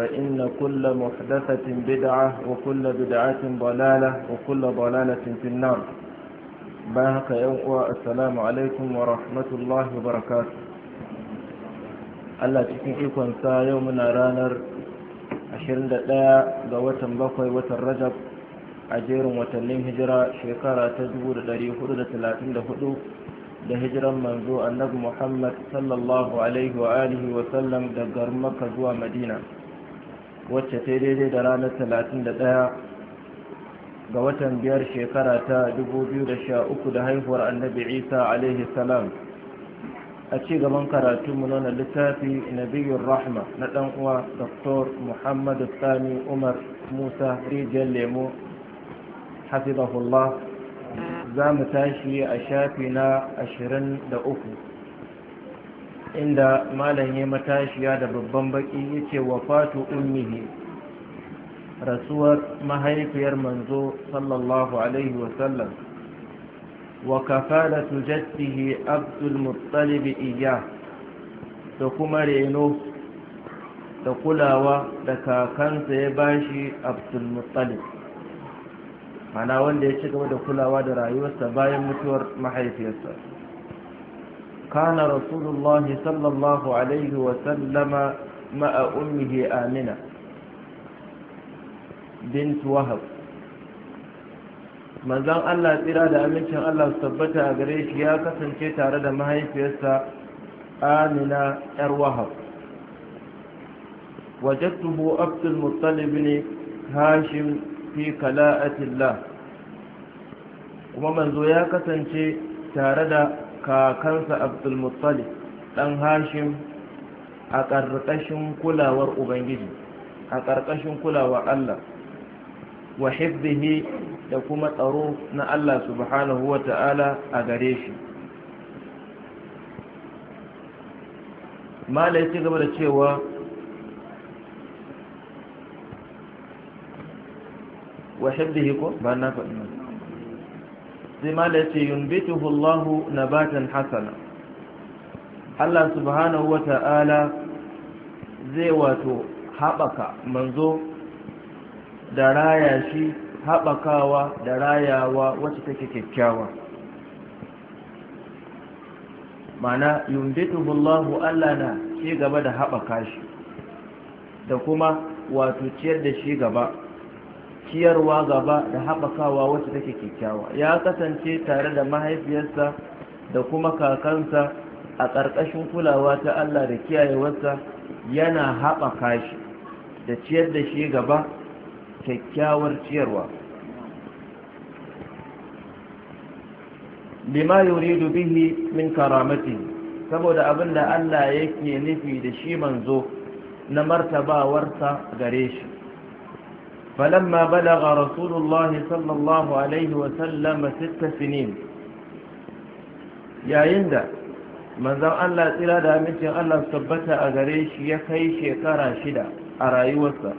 فإن كل محدثة بدعة وكل بدعة ضلالة وكل ضلالة في النار باهق يوم السلام عليكم ورحمة الله وبركاته Allah cikin sa yau muna ranar 21 ga watan bakwai watan Rajab a jerin watannin hijira shekara ta 1434 da hijiran manzo annabi Muhammad sallallahu alaihi wa alihi wa sallam daga Makka zuwa Madina. wacce ta daidai da ranar 31 ga watan biyar shekara ta 2013 da haihuwar annabi isa alaihi salam a ci gaban karatu na littafi littafi nabiyun rahma na dan uwa dr muhammadu sani umar musa rijiyar lemo hafizahullah za mu tashi a shafi na 23 inda malam ya matashiya da babban baki ya ce wafatu ummihi rasuwar mahaifiyar manzo sallallahu alaihi wasallam wa kafalatu jaddihi abdul muttalib iya da kuma reno da kulawa da kakansa ya bashi abdul muttalib mana wanda ya ci gaba da kulawa da rayuwarsa bayan mutuwar mahaifiyarsa كان رسول الله صلى الله عليه وسلم مع أمه آمنة بنت وهب manzon Allah tsira da amincin Allah su tabbata a gare shi ya kasance tare da mahaifiyarsa Amina yar Wahab wajadtuhu Abdul Muttalib ne Hashim fi kala'atillah kuma manzo ya kasance tare da kakansa abdulmuttalib dan hashim a ƙarƙashin kulawar ubangiji a ƙarƙashin kulawar allah wa hibbihi da kuma tsaro na allah subhanahu wa ta'ala a gare shi malai ci gaba da cewa wa hibbihi ko ba na faɗi sai ma da ce yumbituhu na nabatan hasana Allah subhanahu wa ta'ala zai wato haɓaka manzo da raya shi haɓakawa da rayawa wacce take kyakkyawa mana yumbituhu Allahu Allah na ci gaba da haɓaka shi da kuma wato ciyar da shi gaba ciyarwa gaba da haɓakawa wacce take kyakkyawa ya kasance tare da mahaifiyarsa da kuma kakansa a ƙarƙashin kulawa ta Allah da kiyayewarsa yana haɓaka shi da ciyar da shi gaba kyakkyawar ciyarwa lima yuridu bihi min karamati saboda abin da Allah yake nufi da shi manzo na martabawarsa gare shi فلما بلغ رسول الله صلى الله عليه وسلم ست سنين yayin da manzan Allah tsira da amincin Allah tabbata a gare shi ya kai shekara shida a rayuwarsa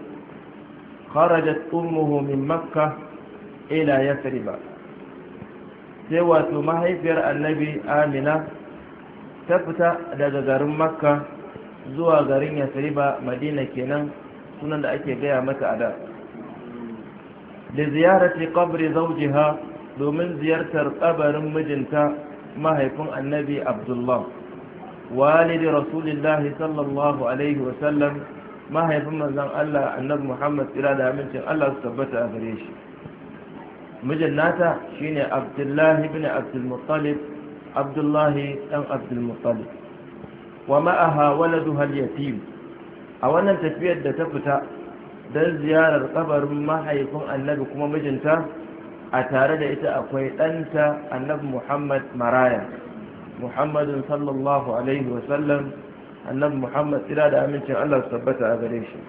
kharajat ummuhu min makka ila yasriba sai wato mahaifiyar annabi amina ta fita daga garin makka zuwa garin yasriba madina kenan sunan da ake gaya mata a da da ziyarati qabri zaujiha domin ziyartar ƙabarin mijinta mahaifin annabi abdullah walidi rasulillahi sallallahu alaihi wa sallam mahaifin manzon Allah annabi Muhammad tsira Allah su mijin nata shine abdullahi ibn abdul muttalib abdullahi dan abdul muttalib wa ma'aha waladuha a wannan tafiyar da ta fita don ziyarar kabarin mahaifin annabi kuma mijinta a tare da ita akwai ɗanta annabi muhammad maraya muhammadin sallallahu alaihi wasallam annabi muhammad tsira da amincin allah su tabbata a gare shi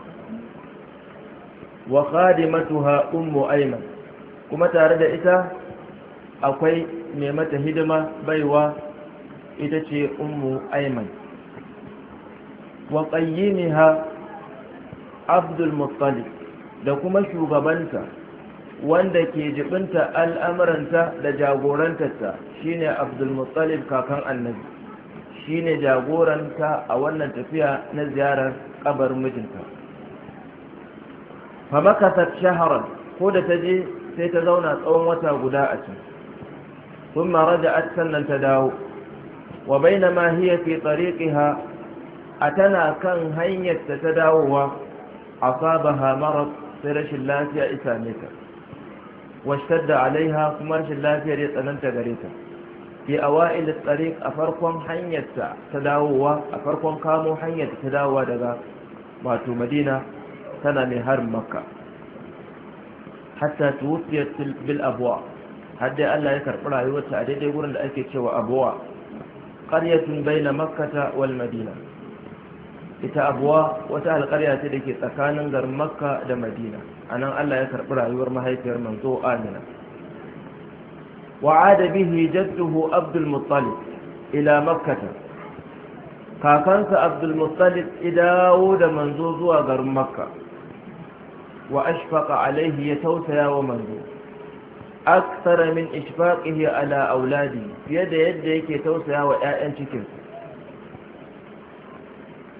wa khadimatuha ummu aiman kuma tare da ita akwai mai mata hidima baiwa ita ce ummu aiman wa qayyimiha abdul muttalib da kuma shugabanta wanda ke jibinta al'amuranta da jagorantarta shine abdul muttalib kakan annabi shine jagoranta a wannan tafiya na ziyarar kabar mijinta famakasar shaharar ko da ta je sai ta zauna tsawon wata guda a can sun mara da sannan ta dawo wa bainama hiya fi tsariƙiha a tana kan hanyarta ta dawowa asabaha marad sai rashin lafiya isa ne ta da alaiha kuma rashin lafiyar ya tsananta gare ta fi awa'il tsariq a farkon hanyarta ta dawowa a farkon kamo hanyar ta dawowa daga wato madina tana mai harin makka hatta tuwufiyar bil abuwa hadda allah ya karɓi rayuwarta a daidai wurin da ake cewa abuwa ƙaryatun bai na makkata wal madina ita abuwa wata alƙarya ce da ke tsakanin garin makka da madina a nan allah ya karɓi rayuwar mahaifiyar manzo amina wa'ada bihi jadduhu abdul ila makkata kakansa abdul muttalib dawo da manzo zuwa garin makka wa ashfaqa alaihi ya tausaya wa manzo aksara min ishfaqihi ala auladi fiye da yadda yake tausaya wa 'ya'yan cikinsa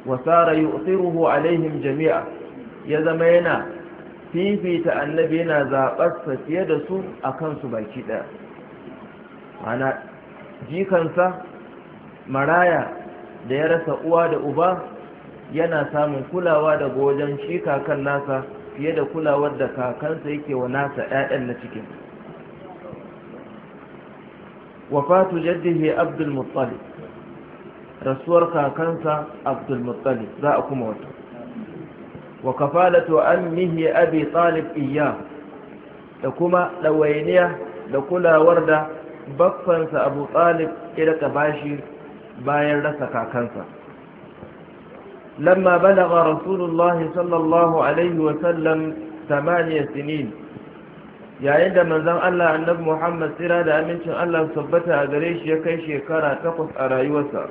wasara yu'thiruhu alaihim jami'a ya zama yana fifita annabi yana zaɓarsa fiye da su a kansu baki ɗaya mana jikansa maraya da ya rasa uwa da uba yana samun kulawa daga wajen shi kakan nasa fiye da kulawar da kakansa yake wa nasa 'ya'yan na cikin wafatu jaddihi abdul muttalib rasuwar kakansa abdulmuttali za a kuma wata wa kafalatu ammihi abi talib iya da kuma ɗawainiya da kulawar da baffansa abu talib ya da bashi bayan rasa kakansa lamma balaga rasulullah sallallahu alaihi wasallam tamaniya sinin yayin da manzon Allah annabi Muhammad sira da amincin Allah sabbata a gare shi ya kai shekara takwas a rayuwarsa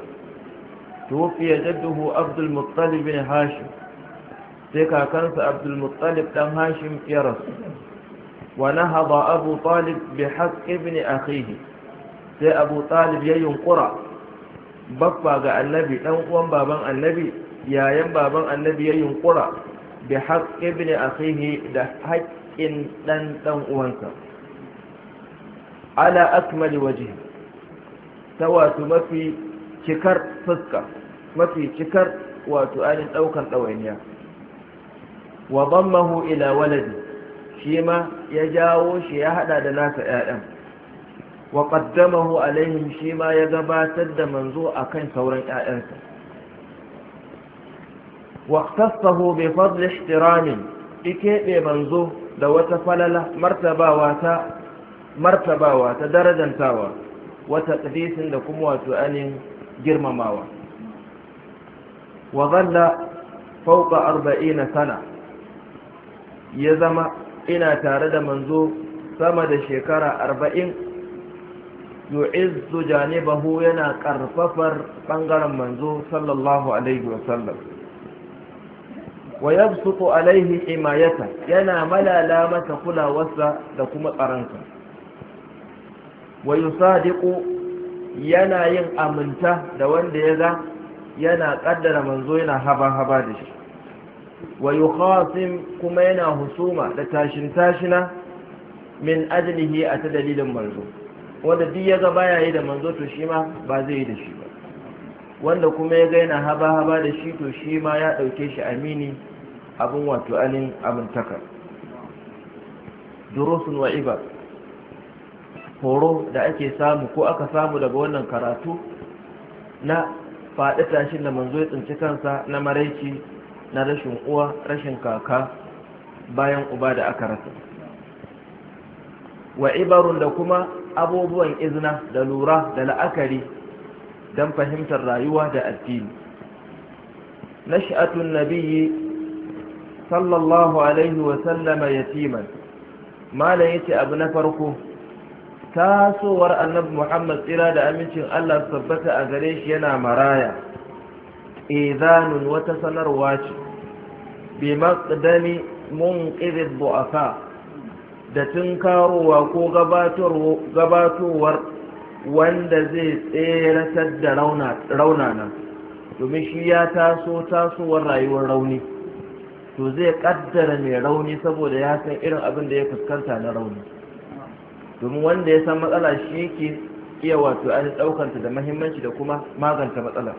توفي جده عبد المطلب بن هاشم سيكا كنس عبد المطلب بن هاشم يرس ونهض أبو طالب بحق ابن أخيه سي أبو طالب ينقرأ بفا قال النبي نوقوا بابا النبي يا ينبابا النبي ينقرأ بحق ابن أخيه ده حق ɗan ɗan uwansa ala akmali waje ta wato mafi cikar fuska mafi cikar wato ainihin ɗaukar ɗawainiya wa mahu ila waladi shi ma ya jawo shi ya haɗa da nasa 'ya'yan. wa a alaihim shi ma ya gabatar da manzo a kan sauran yayansa wa ikhtassahu bi fadli ike ɓe manzo da wata falala martabawa ta darajantawa wata qadisin da kuma wato anin girmamawa وظل ya zama ina tare da manzo sama da shekara أربعين yu'izzu janibahu yana karfafar bangaren manzo sallallahu alaihi wa sallam wa yabsutu alaihi imayata yana malala masa kulawarsa da kuma tsaransa wa yusadiqu yana yin aminta da wanda ya ga yana kaddara manzo yana haba-haba da shi wa yukhasim kuma yana husuma da tashin tashina min ajlihi a ta dalilin manzo wanda duk ya ga baya da manzo to shi ma ba zai yi da shi ba wanda kuma ya ga yana haba-haba da shi to shi ma ya ɗauke shi amini abin wato alin abintaka durusun wa horo da ake samu ko aka samu daga wannan karatu na faɗi tashi da manzo ya tsinci kansa na maraici na rashin uwa rashin kaka bayan uba da aka rasa wa ibarun da kuma abubuwan izina da lura da la'akari don fahimtar rayuwa da addini nash'atun nabiyyi sallallahu alaihi wa sallama yatiman malam yace abu na farko tasowar annabi muhammad tsira da amincin allah tabbata a gare shi yana maraya izanun wata sanarwa ce bi maqdami munqidh bu'afa da tunkarowa ko gabatowar wanda zai tseratar da raunana domin shi ya taso tasowar rayuwar rauni to zai kaddara mai rauni saboda ya san irin abin da ya fuskanta na rauni domin wanda ya san matsala shi yake iya wato a ɗaukanta da mahimmanci da kuma maganta matsala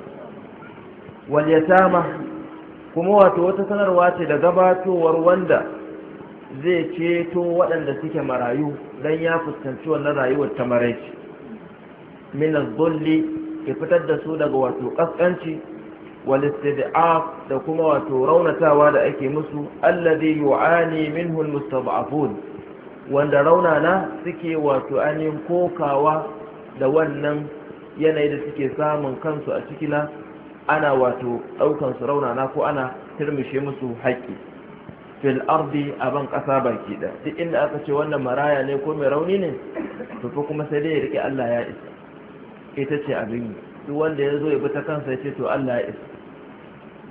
wal yatama kuma wato wata sanarwa ce da gabatowar wanda zai ceto waɗanda suke marayu don ya fuskanci wannan rayuwar ta maraici min az-zulli ke fitar da su daga wato kaskanci wal istid'af da kuma wato raunatawa da ake musu alladhi yu'ani minhu al-mustad'afun wanda rauna na suke wato ainihin kokawa da wannan yanayi da suke samun kansu a cikina ana wato ɗaukansu raunana ko ana turmishe musu haƙƙi fil ardi a ban baki da duk inda aka ce wannan maraya ne ko mai rauni ne to fa kuma sai dai ya rike Allah ya isa ita ce abin duk wanda ya zo ya bi ta kansa ya ce to Allah ya isa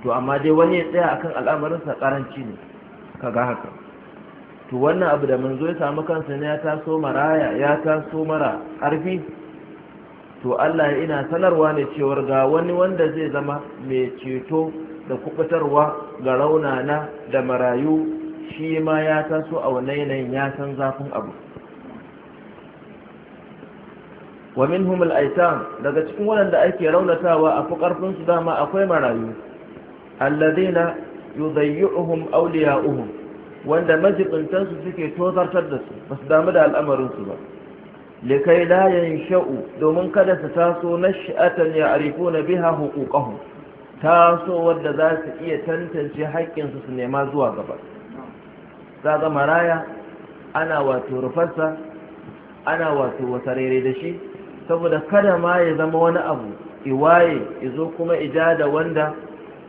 to amma dai wani ya tsaya akan al'amarinsa karanci ne ga haka to wannan abu da manzo ya samu kansa ne ya taso maraya ya taso mara ƙarfi to Allah ya ina sanarwa ne cewar ga wani wanda zai zama mai ceto da kubutarwa ga raunana da marayu shi ma ya taso a wannan yanayin ya san zafin abu wa minhum al-aitam daga cikin waɗanda ake raunatawa a fi su dama akwai marayu alladhina yudayyi'uhum awliya'uhum wanda majibintansu suke tozartar da su ba su damu da al'amarinsu ba kai layin sha'u domin kada su taso na shi'atan ya arifo na biha hukukahu taso wadda za su iya tantance haƙƙinsu su nema zuwa gaba za ga maraya ana wato rufarsa ana wato wasarere da shi saboda kada ma ya zama wani abu iwaye izo kuma ija da wanda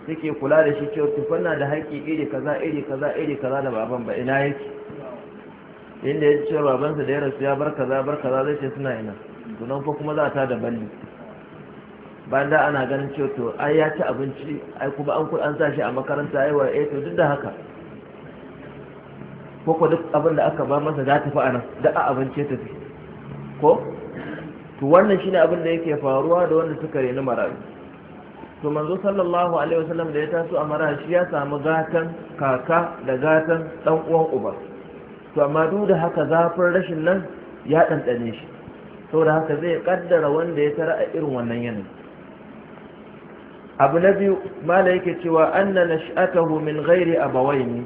suke kula da shi cewa tufanna da haƙƙi iri kaza iri kaza iri kaza da baban ba ina yake inda ya cewa babansa da ya rasu ya bar kaza bar kaza zai ce suna ina tunan fa kuma za ta da balli bayan da ana ganin cewa to ai ya ci abinci ai kuma an kuɗi an sa shi a makaranta ai wa eh to duk da haka ko ko duk abin da aka ba masa za ta fi a nan da a abinci ta fi ko to wannan shine abin da yake faruwa da wanda suka reni marayu to manzo sallallahu alaihi wasallam da ya taso a shi ya samu gatan kaka da gatan dan uwan uba to amma duk da haka zafin rashin nan ya ɗanɗane shi saboda haka zai kaddara wanda ya tara a irin wannan yanayi abu na biyu mala yake cewa anna nash'atahu min ghairi abawaini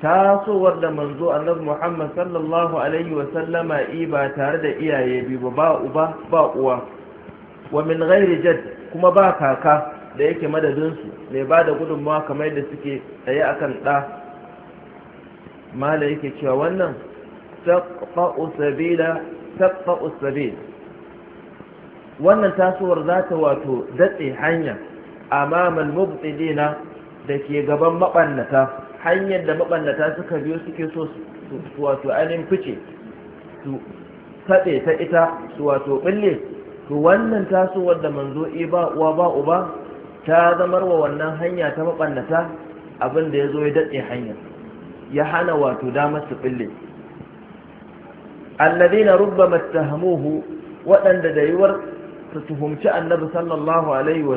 tasowar da manzo annabi Muhammad sallallahu alaihi wa sallama ba tare da iyaye biyu ba ba uba ba uwa wa min ghairi jadd kuma ba kaka da yake madadinsu mai ba da gudunmawa kamar da suke tsaye kan ɗa mala yake cewa wannan taɓa'usabila zata wannan tasowar za ta wato datse hanya a mamal mubtidina da ke gaban maɓannata hanyar da maɓannata suka biyo suke so su wato ainihin fice su kaɗe ta ita su wato ɓille to wannan tasowar da manzo ba uwa ba uba ta zamar wa wannan hanya ta mabannata abin da ya zo ya daɗe hanyar ya hana wato damar su bille alladhina rubbama ittahamuhu waɗanda da yiwar su tuhumci annabi sallallahu alaihi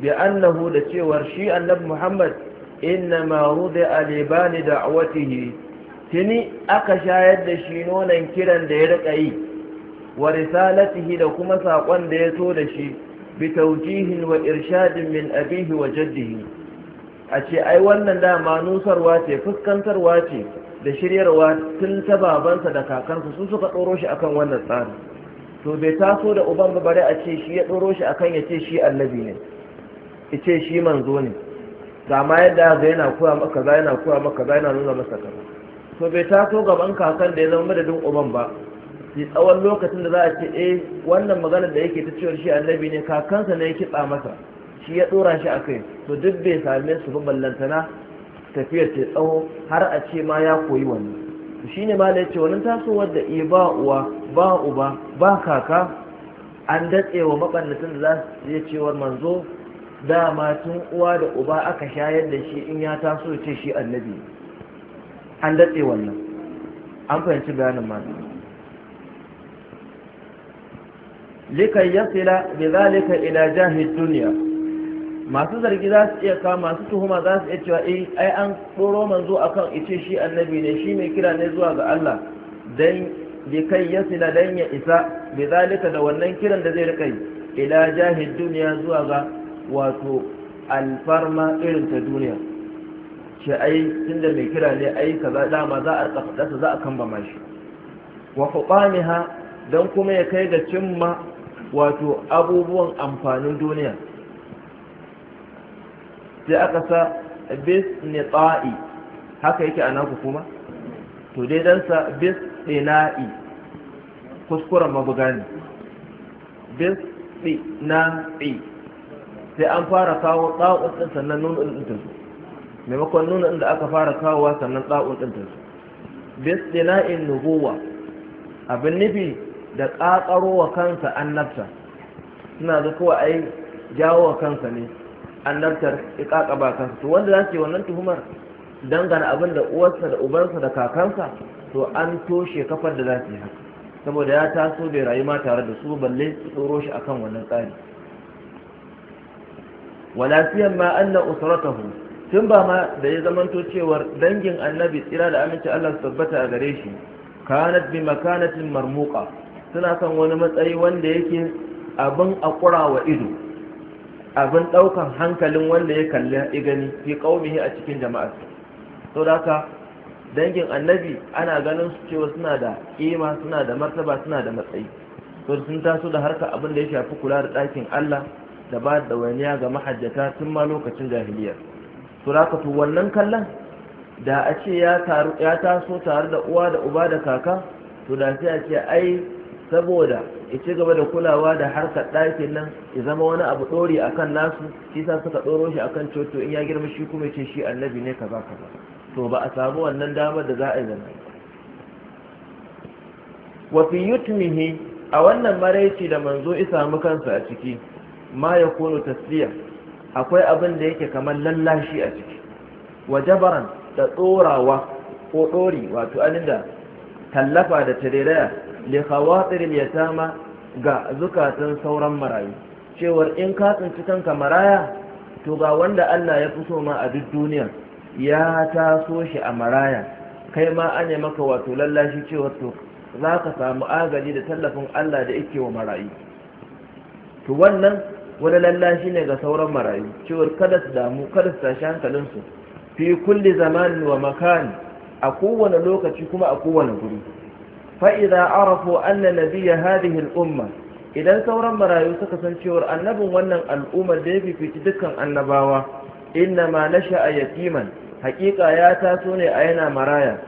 bi annahu da cewar shi annabi muhammad inna rudi'a li bani da'watihi tuni aka shayar da shi nonon kiran da ya rika yi wa risalatihi da kuma saƙon da ya so da shi bi taujihin wa irshadin min abihi wa jaddihi a ce ai wannan dama nusarwa ce fuskantarwa ce da shiryarwa tun ta babansa da kakansa su suka ɗoro shi akan wannan tsari to bai taso da uban ba bari a ce shi ya ɗoro shi akan ya ce shi annabi ne ya ce shi manzo ne ga ma yadda ga yana kuwa maka za yana kuwa maka za yana nuna masa kaza to bai taso gaban kakan da ya zama madadin uban ba shi tsawon lokacin da za a ce eh wannan magana da yake ta cewar shi annabi ne kakansa na ya kitsa masa shi ya dora shi kai, to duk bai same su ba ballantana tafiyar ce tsawo har a ce ma ya koyi wani to shine ma da ce wani tasowar da iya ba uwa ba uba ba kaka an datse wa maɓallatin da za su iya cewar manzo dama tun uwa da uba aka shayar da shi in ya taso ce shi annabi an datse wannan an fahimci bayanin ma likan yasila bi zalika ila jahi dunya masu zargi za su iya kama masu tuhuma za su iya cewa eh ai an tsoro manzo akan ice shi annabi ne shi mai kira ne zuwa ga Allah dan likan yasila dan ya isa bi zalika da wannan kiran da zai rika yi ila jahi dunya zuwa ga wato alfarma irin ta duniya shi ai tunda mai kira ne ai kaza dama za a rika za a kamba mashi wa fuqaniha dan kuma ya kai ga cimma wato abubuwan amfanin duniya sai aka sa bis nita'i haka yake a naku kuma to dai dan sa bis dina'i kuskuren mabuga ne bis dina'i sai an fara kawo ɗa'un ɗin sannan nuna ɗin ɗin su maimakon ɗin da aka fara kawowa sannan ɗa'un ɗin su bis dina'in nubuwa abin nufi da ƙaƙaro wa kansa annabta suna da kowa ai jawo wa kansa ne annabtar ya ƙaƙaba kansa to wanda za su yi wannan tuhumar dangana abin da uwarsa da ubansa da kakansa to an toshe kafar da za su yi haka saboda ya taso bai rayu ma tare da su balle su tsoro shi akan wannan tsari wala siyan ma anna usratahu tun ba ma da ya zamanto cewar dangin annabi tsira da aminci Allah su tabbata a gare shi kanat bi makanatin marmuka suna kan wani matsayi wanda yake abin akura wa ido abin daukan hankalin wanda ya kalli ya gani fi qaumihi a cikin jama'ar da haka dangin annabi ana ganin su cewa suna da ƙima suna da martaba suna da matsayi to sun taso da harka abin da ya shafi kula da ɗakin Allah da ba da waniya ga mahajjata tun ma lokacin jahiliya to haka to wannan kallon da a ce ya taso tare da uwa da uba da kaka to da sai a ce ai saboda ya ci gaba da kulawa da harkar ɗakin nan ya zama wani abu ɗori a kan nasu shi sa suka ɗoro shi kan coto in ya girma shi kuma ce shi annabi ne kaza ba to ba a samu wannan damar da za a yi zama wafi yutmihi a wannan maraici da manzo isa mu kansa a ciki ma ya kono tasliya akwai abin da yake kamar lallashi a ciki wajabaran da tsorawa ko ɗori wato ani da tallafa da tareraya li khawatir yatama ga zukatan sauran marayu cewar in ka tsinci kanka maraya to ga wanda Allah ya fi so ma a duk duniya ya taso shi a maraya kai ma an yi maka wato lallashi cewar to za ka samu agaji da tallafin Allah da yake wa marayu to wannan wani lallashi ne ga sauran marayu cewar kada su damu kada su tashi hankalinsu fi kulli zamanin wa makan a kowane lokaci kuma a kowane guri فإذا عرفوا أن نبي هذه الأمة إذا سورا مرايو سكسن شور النبو ونن الأمة ديبي في تدكا النباوة إنما نشأ يتيما حقيقة يا تاسوني أين مرايا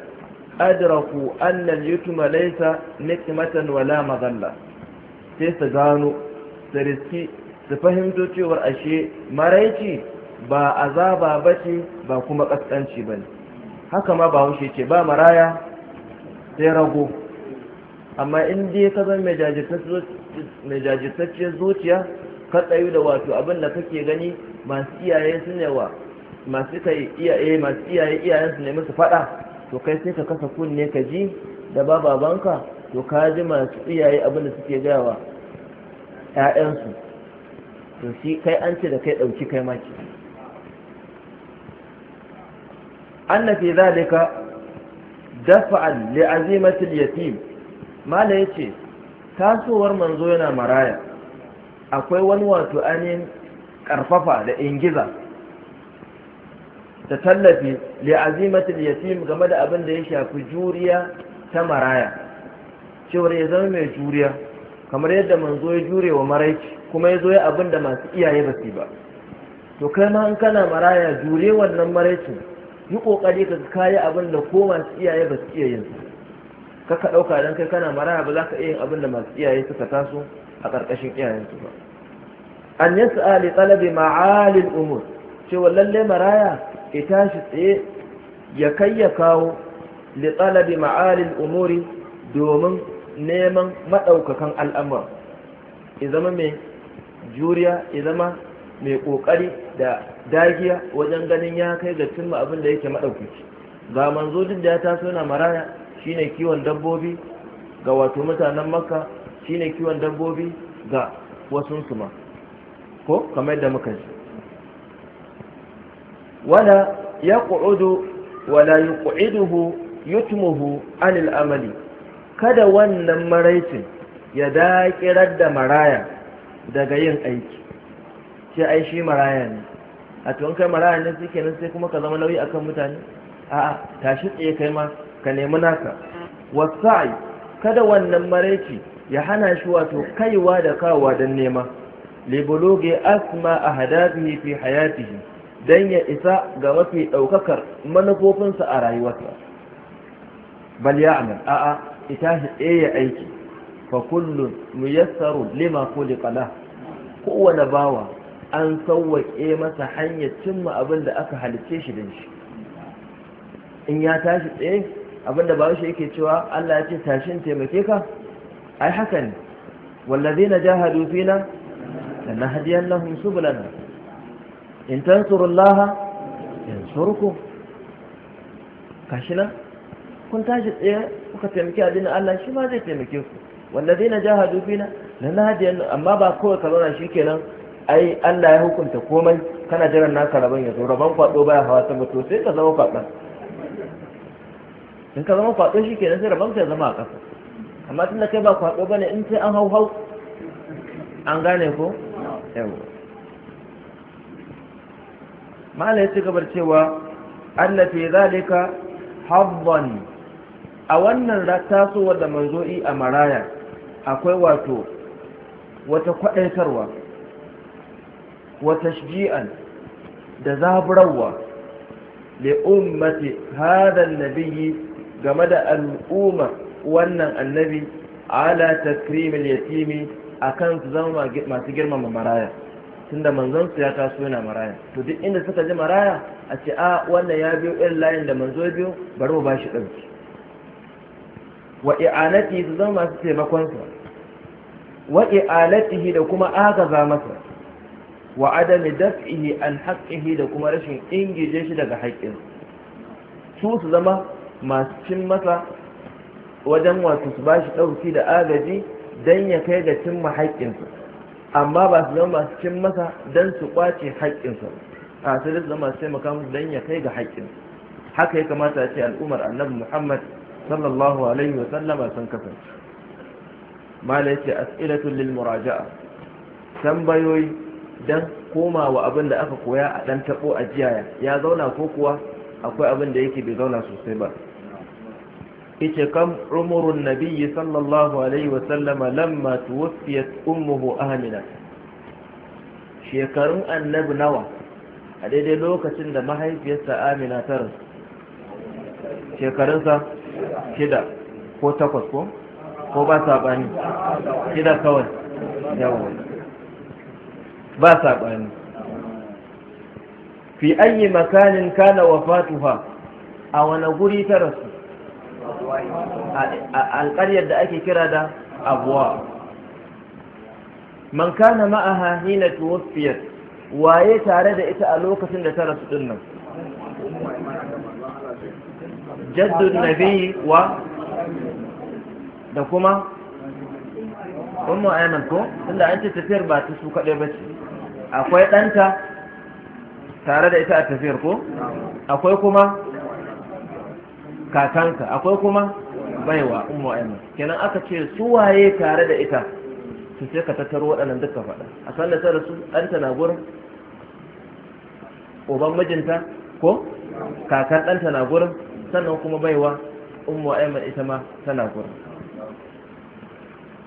أدركوا أن اليتم ليس نكمة ولا مظلة تيستغانو سرسكي سفهمتو شور أشي مرايتي ba azaba bace ba kuma kaskanci bane haka ma ba wuce ce ba maraya sai rago amma in dai ka zama mai jajirtacciyar zuciya ka tsayu da wato abin da kake gani masu iyayen su ne wa masu eh, iyayen su ne musu faɗa to kai sai ka kasa kunne ka ji da ba babanka to ka ji masu iyaye abin da suke gaya wa ƴaƴansu to shi kai an ce da kai ɗauki kai maki an na fi zalika dafa'an li'azimatil yatim mala ya ce tasowar manzo yana maraya akwai wani wato ainihin karfafa da ingiza Ta tallafi li'azimatul yatim game da abin da ya shafi juriya ta maraya cewar ya zama mai juriya kamar yadda manzo ya jure wa maraici kuma ya zo ya abin da masu iyaye ba su ba to kai ma in kana maraya jure wannan maraicin yi kokari ka kayi abin da ko masu iyaye ba su iya yin ka ɗauka dan kai kana maraya ba za ka iya yin abin da masu iyaye suka taso a ƙarƙashin iyayensu ba an yi su'ali talabi ma'alin umur cewa lalle maraya ke tashi tsaye ya kai ya kawo li talabi ma'alin umuri domin neman maɗaukakan al'amura ya zama mai juriya ya zama mai ƙoƙari da dagiya wajen ganin ya kai ga cimma abin da yake maɗaukaki ga manzo duk da ya taso yana maraya shine kiwon dabbobi ga wato mutanen makka shine kiwon dabbobi ga wasu suma ko kamar da muka ji wala ya ƙudu wala yi ƙu'iduhu yutmuhu anil amali kada wannan maraicin ya daƙirar da maraya daga yin aiki ce ai shi maraya ne a tun kai maraya ne suke nan sai kuma ka zama nauyi akan mutane a'a tashi tsaye kai ma ka nemi naka wasa'i kada wannan maraici ya hana shi wato kaiwa da kawa don nema libologe asma a hadafihi fi hayatihi don ya isa ga mafi ɗaukakar manufofinsa a rayuwarsa bal ya amal a'a ita shi ya aiki fa kullum, muyassaru lima ko la kowane bawa an sauwaƙe masa hanyar cimma abin da aka halice shi da shi in ya tashi tsaye abinda ba shi yake cewa Allah ya ce tashin taimake ka ai haka ne na jahadu fina lanahdiyannahum subulana in tansurullaha yansurkum kashi nan kun tashi tsaye kuka taimaki addinin Allah shi ma zai taimake ku wallazina jahadu fina lanahdiyannahum amma ba kawai ka zauna kenan ai Allah ya hukunta komai kana jiran naka rabon ya zo rabon kwado baya hawa ta mutu, sai ka zama kwaɗan in ka zama kwaɗo shi ke nasarar rabon ka zama a ƙasa amma tun da kai ba kwaɗo ba ne in sai an hau hau an gane ko yau mala ya ci gabar cewa fi zalika habban a wannan tasowar da manzo'i a maraya akwai wato wata kwaɗaitarwa wata shiji'an da zaburarwa li ummati hadan game da al'umma wannan annabi ala takrimil yatimi akan su zama masu girmama maraya tunda manzon su ya taso yana maraya to duk inda suka ji maraya a ce a ah, wannan ya biyo irin layin da manzo biyo bari mu bashi dauki wa i'anati su zama masu taimakon sa wa i'alatihi da kuma agaza masa wa adami daf'ihi an haqqihi da kuma rashin ingije shi daga haƙƙin su su zama masu cin masa wajen wasu su ba shi ɗauki da agaji don ya kai ga cimma haƙƙinsa amma ba su zama masu cin masa don su ƙwace haƙƙinsa a sai su zama masu taimaka musu don ya kai ga haƙƙinsa haka ya kamata ce al'ummar annabi muhammad sallallahu alaihi wa sallama sun kasance malai ce tambayoyi dan komawa abin da aka koya a dan tabo a jiya ya zauna ko kuwa akwai abin da yake bai zauna sosai ba ita kam umurun nabiyyi sallallahu alaihi wa sallama lamma tuwaffiyat ummuhu amina shekarun annabi nawa a daidai lokacin da mahaifiyarsa amina ta rasu shekarunsa shida ko takwas ko ko ba saɓani shida kawai yawon ba saɓani fi ayi makanin kana wafatuha a wani guri ta rasu alƙaryar da ake kira da abuwa man kana ma'aha hina tuwaffiyat waye tare da ita a lokacin da ta rasu ɗin nan jaddun nabi wa da kuma ummu ayman ko tunda an ce tafiyar ba ta su kaɗai ba ce akwai ɗanta tare da ita a tafiyar ko akwai kuma kakanka akwai kuma baiwa umma ayyana kenan aka ce su waye tare da ita su sai ka tattaro waɗannan duka faɗa a sallar ta rasu ɗanta na gurin uban mijinta ko kakan ɗanta na gurin sannan kuma baiwa umma ayyana ita ma tana gurin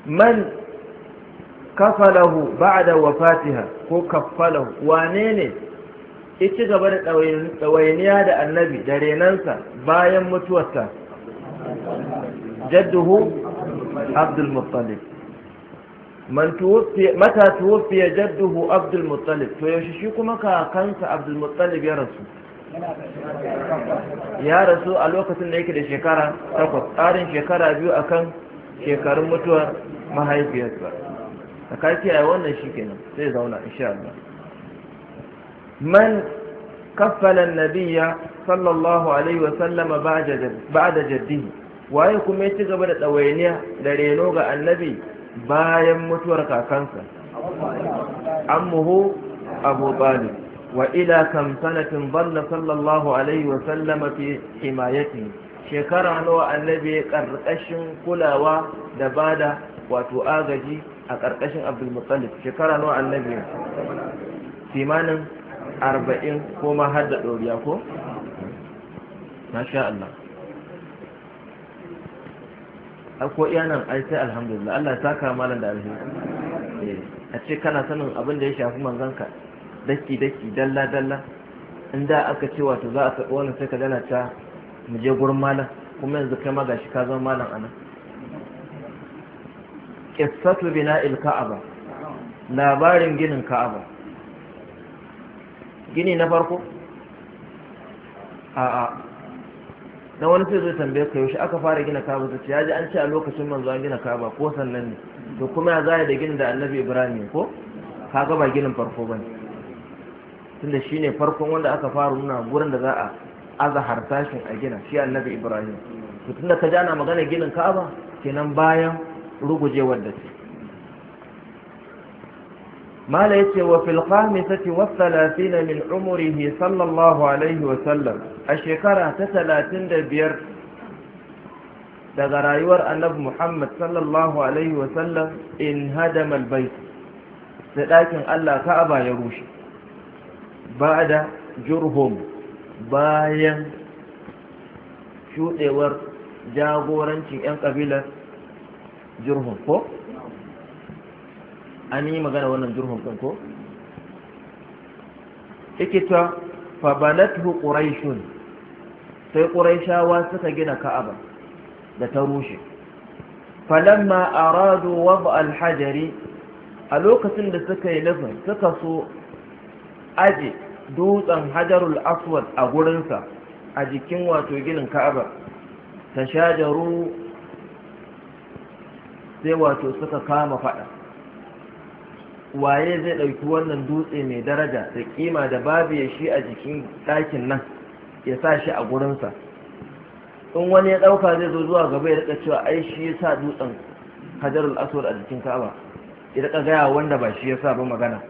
man kafalahu ba'da wafatiha ko kafalahu wane ne ya ci gaba da ɗawainiya da annabi da renansa bayan mutuwarsa jadduhu abdul muttalib mata tuwufiya jadduhu abdul muttalib to yaushe shi kuma kakansa abdul muttalib ya rasu ya rasu a lokacin da yake da shekara takwas tsarin shekara biyu akan shekarun mutuwar mahaifiyarsa a kakiya wannan shi kenan zai zauna insha Allah من كفل النبي صلى الله عليه وسلم بعد بعد جده waye kuma ya ci gaba da ɗawainiya da reno ga annabi bayan mutuwar kakansa ammuhu abu talib wa ila kam sanatin balla sallallahu alaihi wa sallama fi himayati shekara nawa annabi ya karkashin kulawa da bada wato agaji a karkashin abdul muttalib shekara nawa annabi kimanin arba'in ko ma har da ɗoriya ko? masha Allah a ko iyanan ai sai alhamdulillah Allah ya saka malam da alheri eh, a ce kana sanin abin da ya shafi manzanka daki daki dalla dalla in da aka ce wato za a taɓa wani sai ka gana ta muje gurin malam kuma yanzu kai ma gashi ka zama malam Ƙisatu qissatu bina'il ka'aba labarin ginin ka'aba gini na farko a'a na wani sai zai tambaye ka yaushe aka fara gina kaba ta ce ya ji an ce a lokacin manzo an gina kaba ko sannan ne to kuma ya zaya da ginin da annabi ibrahim ko ka ga ba ginin farko ba ne tunda shi ne farkon wanda aka fara nuna gurin da za a aza harsashin a gina shi annabi ibrahim to tunda ka ji ana magana ginin kaba kenan bayan rugujewar da ce mala yace wa fil khamisati wa thalathina min umrihi sallallahu alaihi wa sallam a shekara ta biyar daga rayuwar annabi muhammad sallallahu alaihi wa sallam in hadama al bayt da dakin allah ka'aba ya rushe ba'da jurhum bayan shudewar jagorancin yan kabilar jurhum ko an yi magana wannan jurhum ɗin ko yake ta fabanatu ƙuraishun sai ƙuraishawa suka gina ka'aba da ta rushe falamma aradu wab alhajari a lokacin da suka yi nufin suka so ajiye dutsen hajarul aswad a gurinsa a jikin wato ginin ka'aba ta shajaru sai wato suka kama faɗa. waye zai ɗauki wannan dutse mai daraja da kima da babu ya shi a jikin ɗakin nan ya sa shi a gurinsa in wani ya ɗauka zai zo zuwa gaba ya rika cewa ai shi ya sa dutsen hajarul aswad a jikin kaba ya rika gaya wanda ba shi ya sa ba magana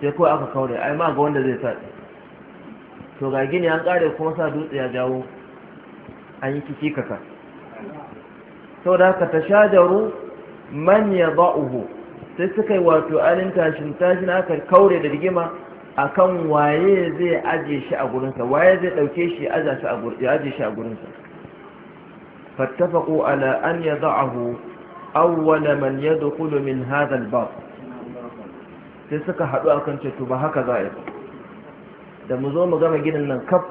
sai kawai aka kaure ai ma ga wanda zai sa to ga gini an kare kuma sa dutse ya jawo an yi kiki kaka saboda haka tashajaru man yada'uhu sai suka yi wato ainihin tashin tashin aka kaure da rigima a kan waye zai ajiye shi a gurinsa waye zai ɗauke shi ya ajiye shi a gurinsa fattafaƙo ala an yada'ahu awwala man yadkhulu min hadha al-bab sai suka haɗu a kan ceto, ba haka za a da mu zo mu gama ginin nan kaf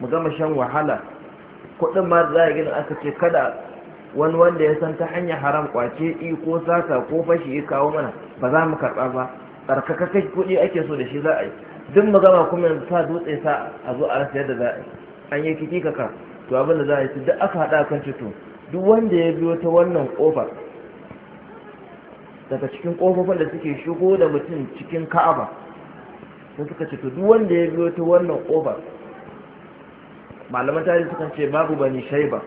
mu gama shan wahala kuɗin ma za a ginin aka ce kada wani wanda ya san ta hanyar haram kwace i ko ko fashi ya kawo mana ba za mu karɓa ba kai kuɗi ake so da shi za a yi duk magana kuma yanzu sa dutse sa a zo a rasa yadda za a yi an yi kiki ka to abin da za a yi duk aka haɗa kan cuto duk wanda ya biyo ta wannan ƙofar daga cikin ƙofofin da suke shigo da mutum cikin ka'aba sai suka ce to duk wanda ya biyo ta wannan ƙofar malaman tarihi sukan ce babu bani shaiba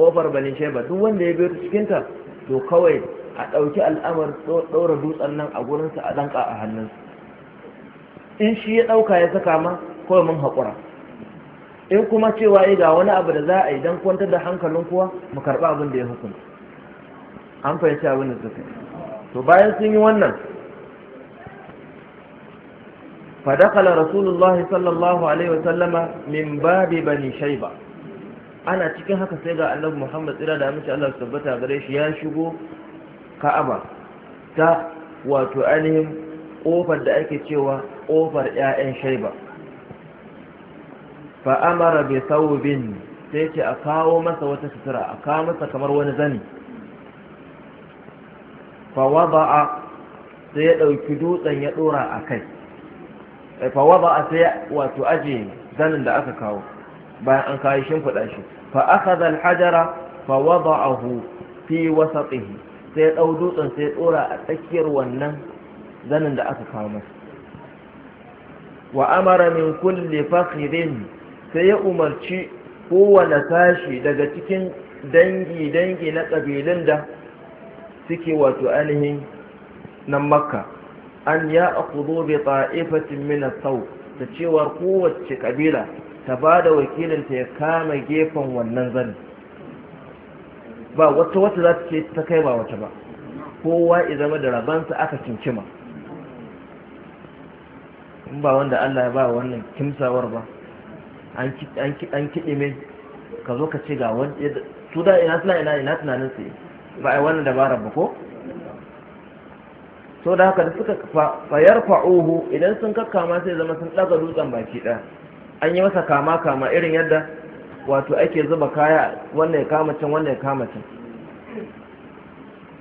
kofar bani sheba duk wanda ya biyo cikinta to kawai a ɗauki al'amar ɗora dutsen nan a gurinsa a ɗanka a hannunsa in shi ya ɗauka ya saka ma kawai mun haƙura in kuma cewa ga wani abu da za a yi don kwantar da hankalin kuwa mu karɓi abin da ya hukunta an fahimci abin da suka to bayan sun yi wannan fadakala rasulullahi sallallahu alaihi wasallama min babi bani shaiba ana cikin haka sai ga annabi muhammad tsira da amince allah tabbata gare shi ya shigo ka'aba ta wato ainihin kofar da ake cewa ƙofar 'ya'yan shaiba Amara bai saubin sai ce a kawo masa wata sutura a kawo masa kamar wani zani fawaba sai ya ɗauki dutsen ya ɗora a kai fawaba sai wato aje zanin da aka kawo bayan an kawo shimfiɗa shi fa akhadha al-hajara fa wada'ahu fi wasatihi sai dau dutsen sai dora a tsakiyar wannan zanin da aka kawo masa wa amara min kulli fakhirin sai ya umarci kowane tashi daga cikin dangi dangi na kabilun da suke wato ainihin nan makka an ya akudu bi ta'ifatin min as sau da cewar kowace kabila ta ba da wakilinta ya kama gefen wannan zane ba wata wata za ta ce ta kai ba wata ba kowa ya zama da rabansa aka kinkima in ba wanda Allah ya ba wannan kimsawar ba an kiɗi mai ka zo ka ce ga wani su da ina suna ina ina tunanin su ba yi wannan dabara ba ko so da haka da suka fayar fa'uhu idan sun kakka ma sai zama sun ɗaga dutsen baki ɗaya an yi masa kama kama irin yadda wato ake zuba kaya wannan ya kama can wannan ya kama can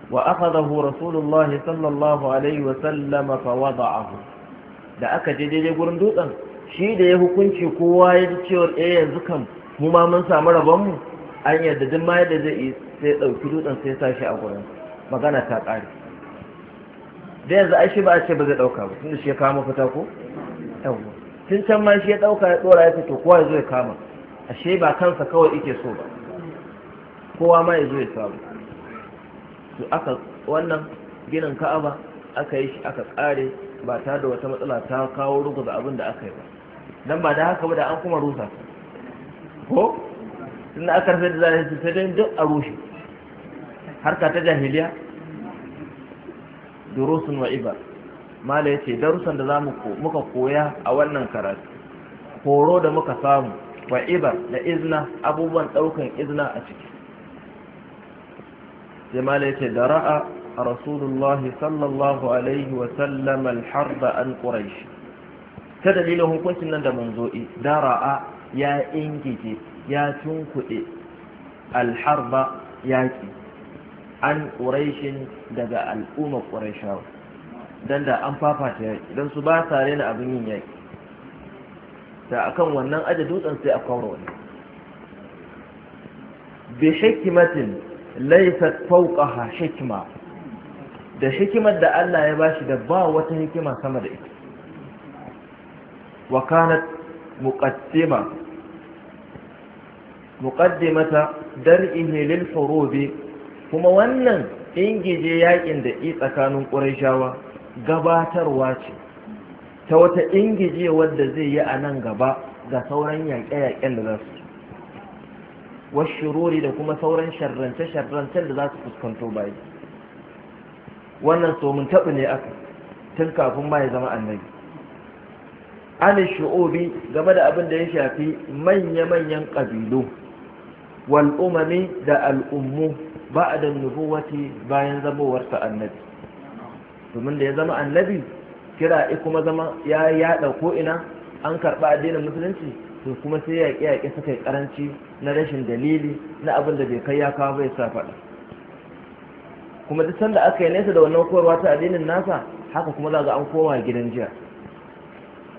wa akhadahu rasulullahi sallallahu alaihi wa sallama fa wada'ahu da aka je daidai gurin dutsen shi da ya hukunci kowa ya ji cewa eh yanzu kan mu ma mun samu rabon mu an yadda duk ma yadda zai sai dauki dutsen sai sa shi a gurin magana ta kare da yanzu ai shi ba a ce ba zai dauka ba tunda shi ya kama mafita ko yawwa tun can ma shi ya ɗauka ya ɗora ya to kowa ya zo ya kama ashe ba kansa kawai ike so ba kowa ma ya zo ya samu to aka wannan ginin ka'aba aka yi shi aka kare ba ta da wata matsala ta kawo ruguza abin da aka yi ba dan ba da haka ba da an kuma rusa ko tun da aka rufe da zai sai dai duk a rushe harka ta jahiliya durusun wa mala ce darussan da za muka koya a wannan karatu horo da muka samu wa ibar da izna abubuwan daukan izna a ciki sai mala ce da ra'a rasulullahi sallallahu alaihi wa sallam an quraish ta dalilin hukuncin nan da manzo'i da ra'a ya ingije ya tunkuɗe alharba yaƙi an ƙuraishin daga al'ummar ƙuraishawa dan da an fafata yaƙi don su ba sa rena abin yin yaƙi da akan wannan aje dutsen sai a kwaro wani bi hikimatin laifat fauqaha hikima da hikimar da Allah ya bashi da ba wata hikima sama da ita wa kanat muqaddima muqaddimata dar'ihi lil furubi kuma wannan ingije yakin da i tsakanin qurayshawa gabatarwa ce ta wata ingije wadda zai yi a nan gaba ga sauran yaƙe-yaƙen da za su washirori da kuma sauran sharrance-sharrancen da za su fuskanto bayi wannan somin taɓi ne aka tun kafin ma ya zama annabi an shiobi game da abin da ya shafi manya-manyan ƙabilu wal'umami da al'ummu ba a da nubuwati bayan zamowarsa annabi domin da ya zama annabi kira kuma zama ya yada ko ina an karba addinin musulunci to kuma sai yaƙe yaƙe suka yi karanci na rashin dalili na abin da bai kai ya kawo bai sa faɗa kuma duk sanda aka yi nesa da wannan koyarwa ta addinin nasa haka kuma za ga an koma gidan jiya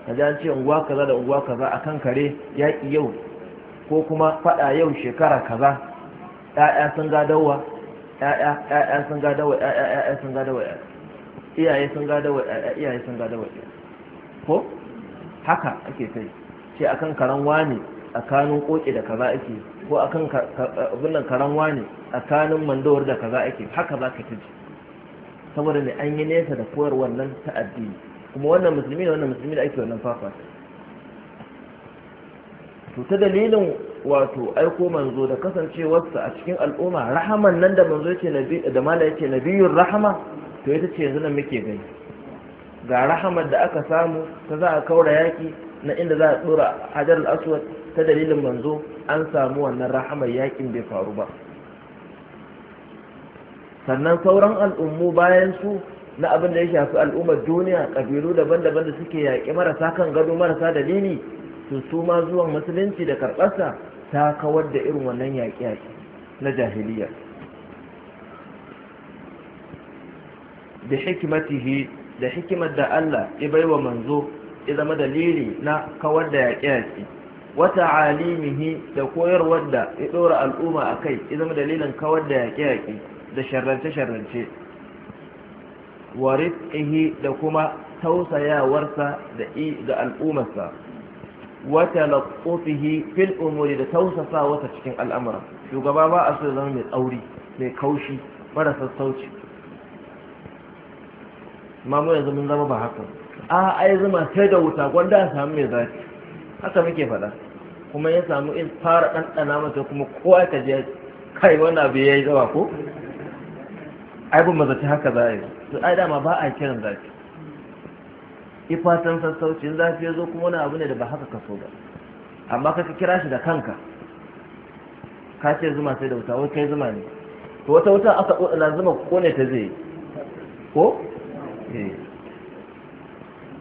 ka ji an ce unguwa kaza da unguwa kaza akan kare yaƙi yau ko kuma faɗa yau shekara kaza ‘ya'ya sun gadawa ‘ya'ya sun gadawa ‘ya'ya sun gadawa ‘ya'ya iyaye sun gada wa iyaye sun gada wa ko haka ake sai ce akan karan wani kanun Koke da kaza ake ko akan abinnan karan wani kanun mandawar da kaza ake haka za ka taji saboda ne an yi nesa da koyar wannan ta addini kuma wannan musulmi da wannan musulmi da ake wannan fafa to ta dalilin wato aiko manzo da kasancewarsa a cikin al'umma rahaman nan da manzo yake nabi da mala yake nabiyur rahama to ita ce yanzu nan muke gani ga rahamar da aka samu ta za a kaura yaƙi na inda za a tsora hajar al'asuwar ta dalilin manzo an samu wannan rahamar yakin bai faru ba sannan sauran al'ummu bayan su na abin da ya shafi al'ummar duniya ƙabilu daban-daban da suke yaƙi marasa kan gado marasa dalili su su ma zuwan musulunci da karɓarsa ta kawar da irin wannan yaƙi-yaƙi na jahiliya da hikimatihi da hikimar da Allah ya wa manzo ya zama dalili na kawar da yaƙe-yaƙe wata alimihi da koyarwar da ya ɗora al'umma a kai ya zama dalilin kawar da yaƙe da sharrance-sharrance waris ihi da kuma tausayawarsa da i ga al'ummarsa wata laƙofihi fil umuri da tausasa wata cikin al'amura shugaba ba a so zama mai tsauri mai kaushi mara sassauci ma mu yanzu mun zama ba haka a ah, ai zuma sai da wuta gwanda a samu mai zafi haka muke faɗa kuma ya samu in fara ɗanɗana masa kuma a ka je kai wannan abu ya yi zawa ko ai bu mazaci haka za a yi to ai dama ba a kiran zafi ifatan sassauci in zafi ya zo kuma wani abu ne da ba haka ka so ba amma ka kira shi da kanka ka ce zuma sai da wuta wai kai zuma ne to wata wuta aka ɗoɗa zuma ko ne ta zai ko Eh.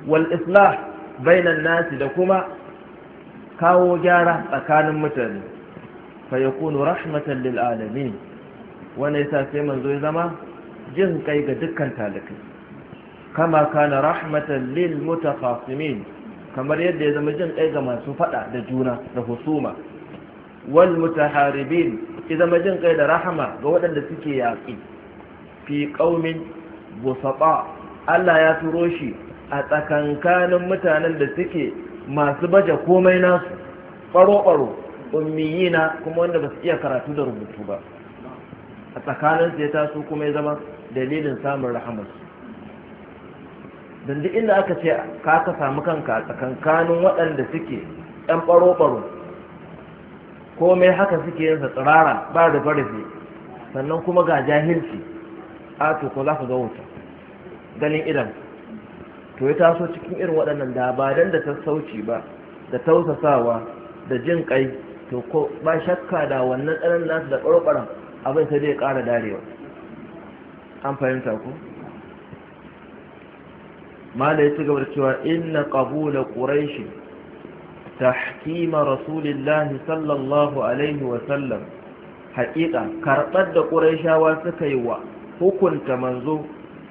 wal islah bainan nasi da kuma kawo gyara tsakanin mutane fa kunu rahmatan lil alamin ya yasa sai manzo ya zama jin kai ga dukkan talikai kama kana rahmatan lil mutafasimin kamar yadda ya zama jin kai ga masu fada da juna da husuma wal mutaharibin ya zama jin kai da rahama ga waɗanda suke yaƙi fi qaumin busata Allah ya turo shi a tsakankanin mutanen da suke masu baje komai nasu ɓaro-ɓaro ummiyina kuma wanda ba su iya karatu da rubutu ba a tsakanin su ya taso kuma ya zama dalilin samun rahamarsu don inda aka ce ka ka samu kanka a tsakankanin waɗanda suke ɗan ɓaro-ɓaro komai haka suke yin tsirara ba da sannan kuma ga jahilci a tukula su za ga wuta ganin idan to ya taso cikin irin waɗannan da ba dan da sassauci ba da tausasawa da jin kai to ko ba shakka da wannan tsanan nasu da ƙwarƙwaran abin sai zai ƙara darewa an fahimta ku mala ya ci gaba da cewa inna qabula ta tahkima rasulillahi sallallahu alaihi wa sallam haƙiƙa karɓar da ƙur'ashawa suka yi wa hukunta manzo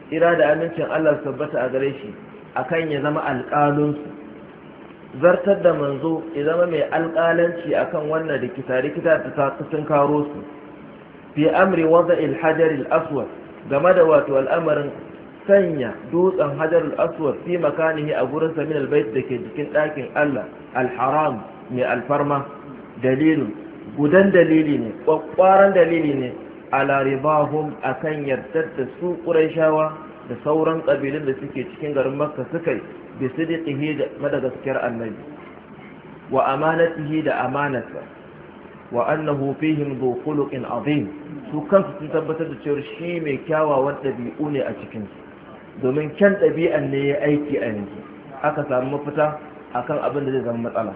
tsira da amincin Allah su tabbata a gare shi akan ya zama alƙalinsu zartar da manzo ya zama mai alƙalanci akan wannan rikita rikita ta sun karo su fi amri wada ilhajar aswad game da wato al'amarin sanya dutsen hajar aswad fi makanihi a gurin samin albait da ke jikin ɗakin Allah alharam mai alfarma dalilin gudan dalili ne ƙwaƙƙwaran dalili ne ala ribahum akan yardar da su ƙuraishawa da sauran ƙabilun da suke cikin garin makka suka yi bi sidiqihi da gaskiyar annabi wa amanatihi da amanarsa wa annahu fihim dhu khuluqin azim su kansu sun tabbatar da cewar shi mai kyawawan ɗabi'u ne a cikinsu domin kyan ɗabi'an ne ya aiki a yanzu aka samu mafita akan abin da zai zama matsala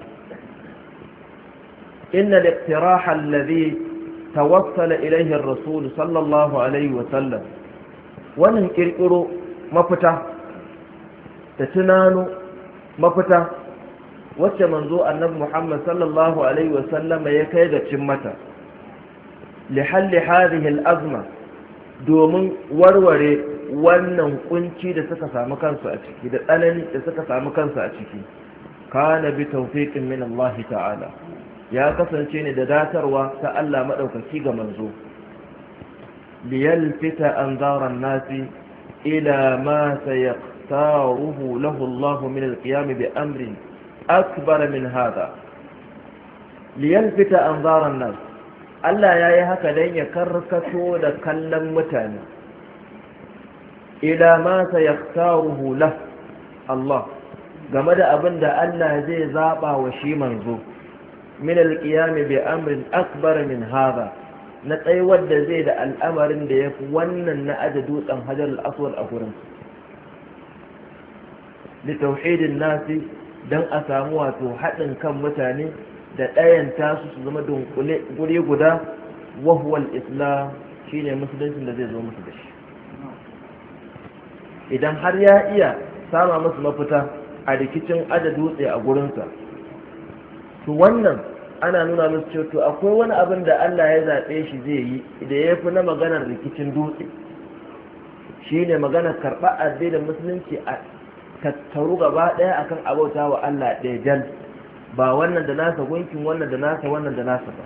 inna liqtiraha alladhi tawassala ilaihi rasul sallallahu alaihi wannan kirkiro mafita da tunano mafita wacce manzo annabi muhammad sallallahu alaihi ya kai da cimmata lihalli hadhihi al'azma domin warware wannan ƙunci da suka samu kansu a ciki da tsanani da suka samu kansu a ciki kana bi tawfiqin min Allah ta'ala ya kasance ne da datarwa ta Allah maɗaukaki ga manzo liyalfita an zaran nasi ila ma sayaqtaruhu lahu Allah min alqiyam bi amrin akbar min hada liyalfita an zaran nasi, Allah ya yi haka don ya karkato da kallon mutane ila ma sayaqtaruhu lahu Allah game da abin da Allah zai zaɓa wa shi manzo min alƙiyami bi amrin akbar min hada na tsayuwar da zai da al'amarin da ya fi wannan na aje dutsen hajar al'aswar a gurin da nasi don a samu wato haɗin kan mutane da ɗayan tasu su zama dunkule guri guda wahuwal islam shine musuluncin da zai zo musu da idan har ya iya sama musu mafita a rikicin aje dutse a gurinsa to wannan ana nuna musu cewa akwai wani abin da Allah ya zaɓe shi zai yi da ya fi na maganar rikicin dutse shi ne maganar karɓa da musulunci a tattaru gaba ɗaya akan abauta wa Allah ɗaya jan ba wannan da nasa gunkin wannan da nasa wannan da nasa ba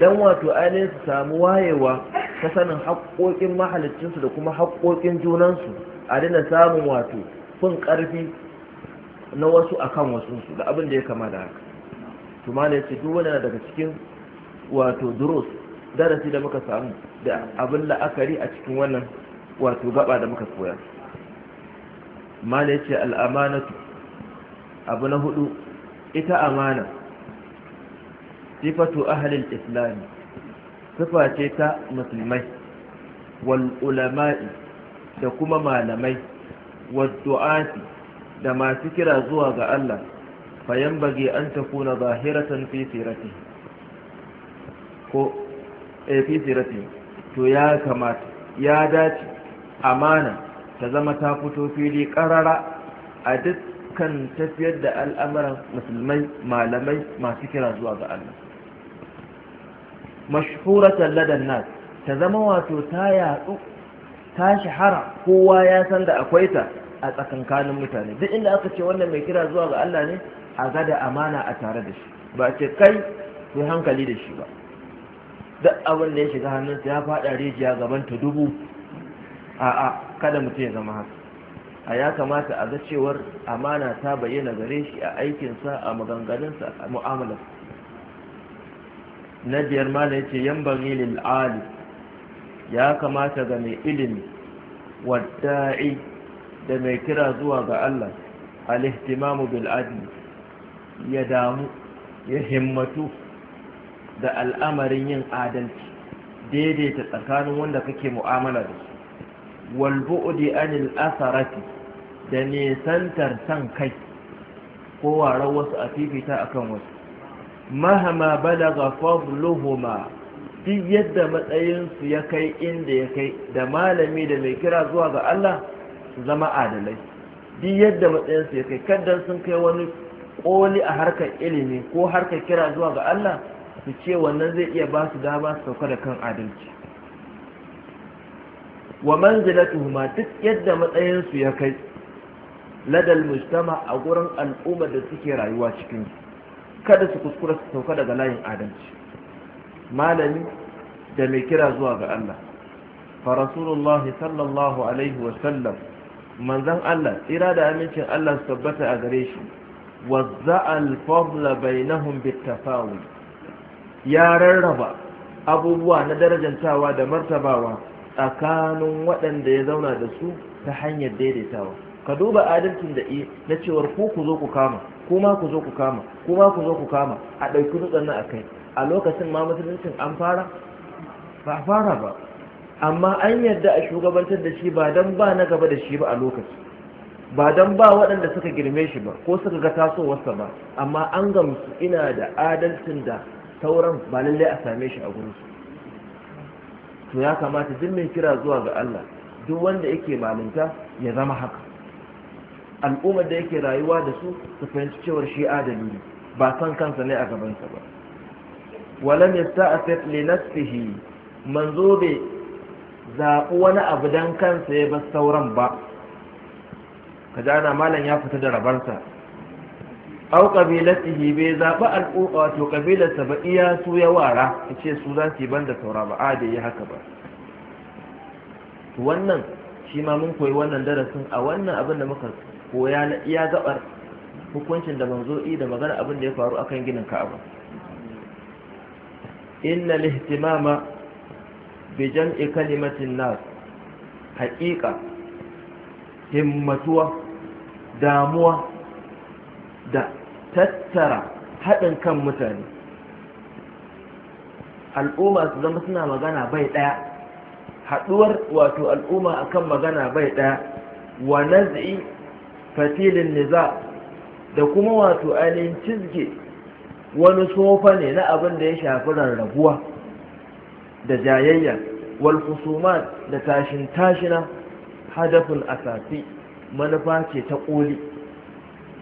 don wato ainihin su samu wayewa ta sanin haƙoƙin mahalicinsu da kuma haƙoƙin junansu a dina samun wato fin ƙarfi na wasu akan wasu da abin da ya kama da haka kuma ne ce duk wani daga cikin wato duros darasi da muka samu da abin la'akari a cikin wannan wato gaba da muka koya ma ne ce al'amanatu abu na hudu ita amana sifatu ahalin islami sifa ce ta musulmai wal da kuma malamai wal da masu kira zuwa ga Allah فينبغي an تكون ظاهرة في سيرته to ya kamata ya dace amana ta zama ta fito fili karara a kan tafiyar da al'amuran musulmai malamai masu kira zuwa ga Allah mashhuratan ladan nas ta zama wato ta yatsu ta shahara kowa ya san da akwai ta a tsakankanin mutane duk inda aka ce wannan mai kira zuwa ga Allah ne a gada amana a tare da shi ba ce kai ku hankali da shi ba duk abin da ya shiga hannunsa ya faɗa rijiya gaban ta dubu a'a kada mutum ya zama haka a ya kamata a ga cewar amana ta bayyana gare shi a aikinsa a maganganunsa a mu'amalar na biyar mala yace yan bari lil ali ya kamata ga mai ilimi wadda'i da mai kira zuwa ga Allah al-ihtimamu bil adli ya damu ya himmatu da al'amarin yin adalci daidaita tsakanin wanda kake mu'amala da su wal bu'di anil asarati da nisantar san kai ko warar wasu a fifita akan wasu mahama balaga fadluhuma duk yadda matsayinsu ya kai inda ya kai da malami da mai kira zuwa ga Allah su zama adalai duk yadda matsayinsu ya kai kaddan sun kai wani koli a harkar ilimi ko harkar kira zuwa ga Allah su ce wannan zai iya ba su dama su sauka da kan adalci wa tuhuma duk yadda matsayin su ya kai ladal mujtama a gurin al'ummar da suke rayuwa cikin kada su kuskura su sauka daga layin adalci malami da mai kira zuwa ga Allah fa rasulullahi sallallahu alaihi wa sallam manzon Allah tsira da amincin Allah su tabbata a gare shi wazza bai bainahum bittafawi ya rarraba abubuwa na darajantawa da martabawa tsakanin waɗanda ya zauna da su ta hanyar daidaitawa ka duba adalcin da na cewar ku ku zo ku kama kuma ku zo ku kama kuma ku zo ku kama a ɗauki dutsen nan a kai a lokacin ma musuluncin an fara ba fara ba amma an yadda a shugabantar da shi ba don ba na gaba da shi ba a lokaci ba don ba waɗanda suka girme shi ba ko suka ga tasowarsa ba amma an gamsu ina da adalcin da sauran ba lallai a same shi a gurinsu to ya kamata duk mai kira zuwa ga Allah duk wanda yake malinta ya zama haka al'ummar da yake rayuwa da su su fahimci cewar shi adali ne ba san kansa ne a gabansa ba walam yasta'fif li nafsihi manzo bai zaɓi wani abu dan kansa ya bar sauran ba ka ji ana malam ya fita da rabarsa au kabilatihi bai zaɓi al'uwa wato kabilarsa ba iya su ya wara ya ce su za su yi ban saura ba a da yi haka ba wannan shi ma mun koyi wannan darasin a wannan abin da muka koya na iya gabar hukuncin da manzo i da magana abin da ya faru akan ginin ka'aba inna lihtimama bi jam'i kalimatin nas haqiqa himmatuwa damuwa da tattara haɗin kan mutane al'umma su zama suna magana bai ɗaya haɗuwar wato al'umma a kan magana bai ɗaya wa naz'i fatilin niza da kuma wato ainihin cizge wani tsofa ne na abin da ya shafi rarrabuwa da jayayya wal da tashin tashina hadafin asasi manufa ce ta ƙoli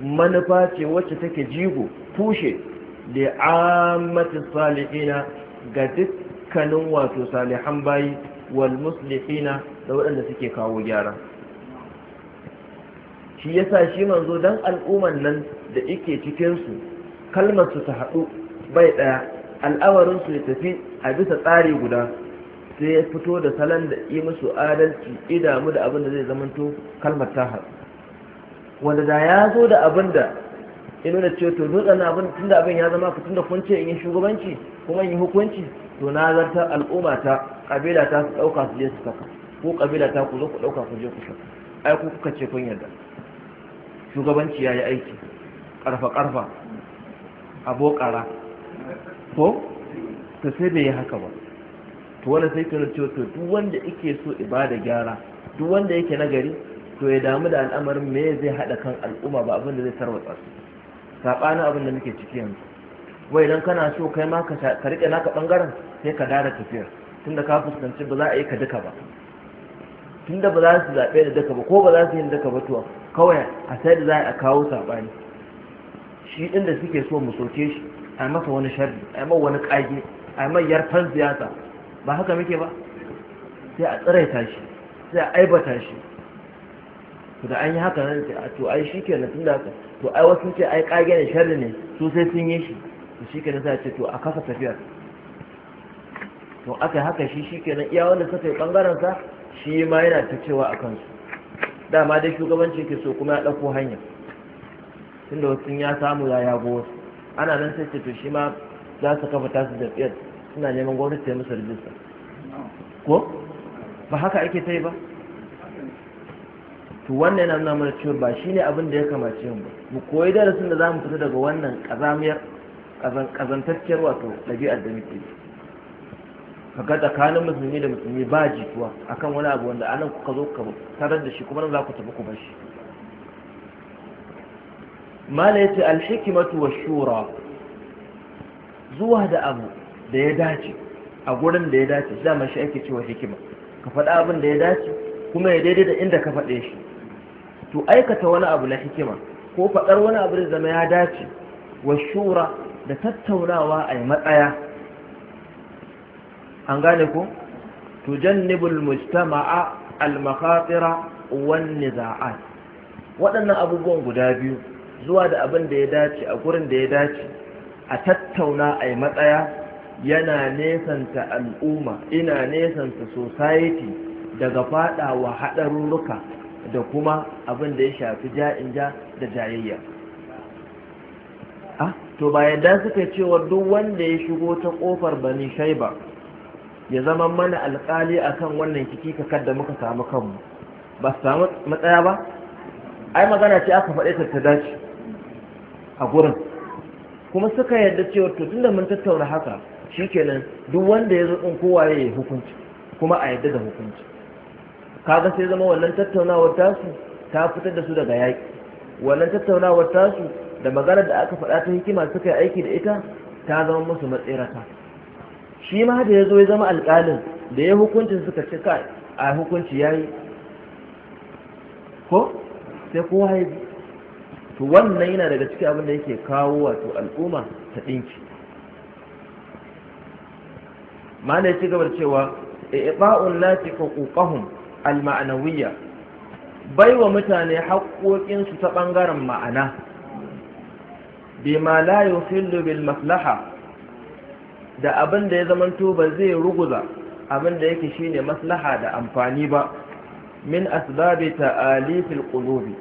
manufa ce wacce take jigo tushe da ammatin salihina ga dukkanin wato salihan bayi wal muslihina da waɗanda suke kawo gyara shi ya sa shi manzo don al'umman nan da ike cikinsu kalmarsu ta haɗu bai ɗaya al'awarinsu ya tafi a bisa tsari guda sai ya fito da salon da yi musu adalci idamu da abin da zai zamanto kalmar tahar wanda da ya zo da abin da ya nuna ce to dutsen abin tun da abin ya zama ku tun da kun ce in yi shugabanci kuma in yi hukunci to na zartar al'umma ta kabila ta su ɗauka su je su saka ko kabila ta ku zo ku ɗauka ku je ku saka ai ku kuka ce kun yarda shugabanci ya yi aiki ƙarfa-ƙarfa abokara ko ta sai bai yi haka ba to wani sai ka cewa to duk wanda yake so ibada gyara duk wanda yake nagari to ya damu da al'amarin me zai hada kan al'umma ba abin da zai tarwatsa su sabanin abin da muke ciki yanzu wai dan kana so kai ma ka rike naka bangaren sai ka dara tafiyar tunda ka fuskanci ba za a yi ka duka ba tunda ba za su zaɓe da duka ba ko ba za su yi duka ba to kawai a sai da za a kawo sabani shi inda da suke so mu soke shi a masa wani sharri a yi wani kage a yi yarfan siyasa ba haka muke ba sai a ta shi sai a aibata shi to da an yi haka nan sai a to ai shi ke tun da haka to ai wasu ce ai kage ne sharri ne su sai sun yi shi to shi ke nan sai a ce to a kasa tafiyar to aka haka shi shi ke na iya wanda suka yi bangaren sa shi ma yana ta cewa a kansu dama dai shugabanci ke so kuma ya ɗauko hanya tunda wasu ya samu ya yago wasu ana nan sai ce to shi ma za su kafa tasu jam'iyyar suna neman gwamnati ya musu rijista ko ba haka ake ta yi ba to wannan yana nuna mana cewa ba shi ne abin da ya kamace mu mu koyi darasin da za mu fita daga wannan kazamiyar kazantacciyar wato ɗabi'ar da muke Ka ga tsakanin musulmi da musulmi ba jituwa akan wani abu wanda anan kuka zo ka tarar da shi kuma nan za ku tafi ku bar shi mala yace alhikmatu washura zuwa da abu da ya dace a gurin da ya dace dama shi ake cewa hikima ka faɗa abin da ya dace kuma ya daidai da inda ka faɗe shi to aikata wani abu na hikima ko faɗar wani abu da zama ya dace wa shura da tattaunawa a yi matsaya an gane ko to jannibul mujtama'a al makhatira wan niza'at waɗannan abubuwan guda biyu zuwa da abin da ya dace a gurin da ya dace a tattauna a yi matsaya yana nesanta al'umma ina nesanta society daga fada wa haɗarurruka da kuma abin da ya shafi ja'in ja da jayayya ah to ba yadda suka cewa duk wanda ya shigo ta kofar bani shaiba ya zama mana alƙali akan wannan kiki da muka samu kanmu ba su samu matsaya ba ai magana ce aka faɗe ta dace a gurin kuma suka yarda cewa to tunda mun tattauna haka shi kenan duk wanda ya zo kowa ya yi hukunci kuma a yadda da hukunci kaga sai zama wannan tattaunawar tasu ta fitar da su daga yaƙi wannan tattaunawar tasu da maganar da aka faɗa ta hikima suka yi aiki da ita ta zama musu matsirata shi ma da ya zo ya zama alƙalin da ya hukuncin suka cika a hukunci ya yi ko sai kowa ya bi to wannan yana daga ciki abin da yake kawo wato al'umma ta ɗinki mala ya ci gaba da cewa i'ba'un lati huquqahum al-ma'nawiyya baiwa mutane haƙoƙin su ta ɓangaren ma'ana ma la yuhillu bil maslaha da abin da ya zamanto ba zai ruguza abin da yake shine maslaha da amfani ba min asbabi ta'alifil qulubi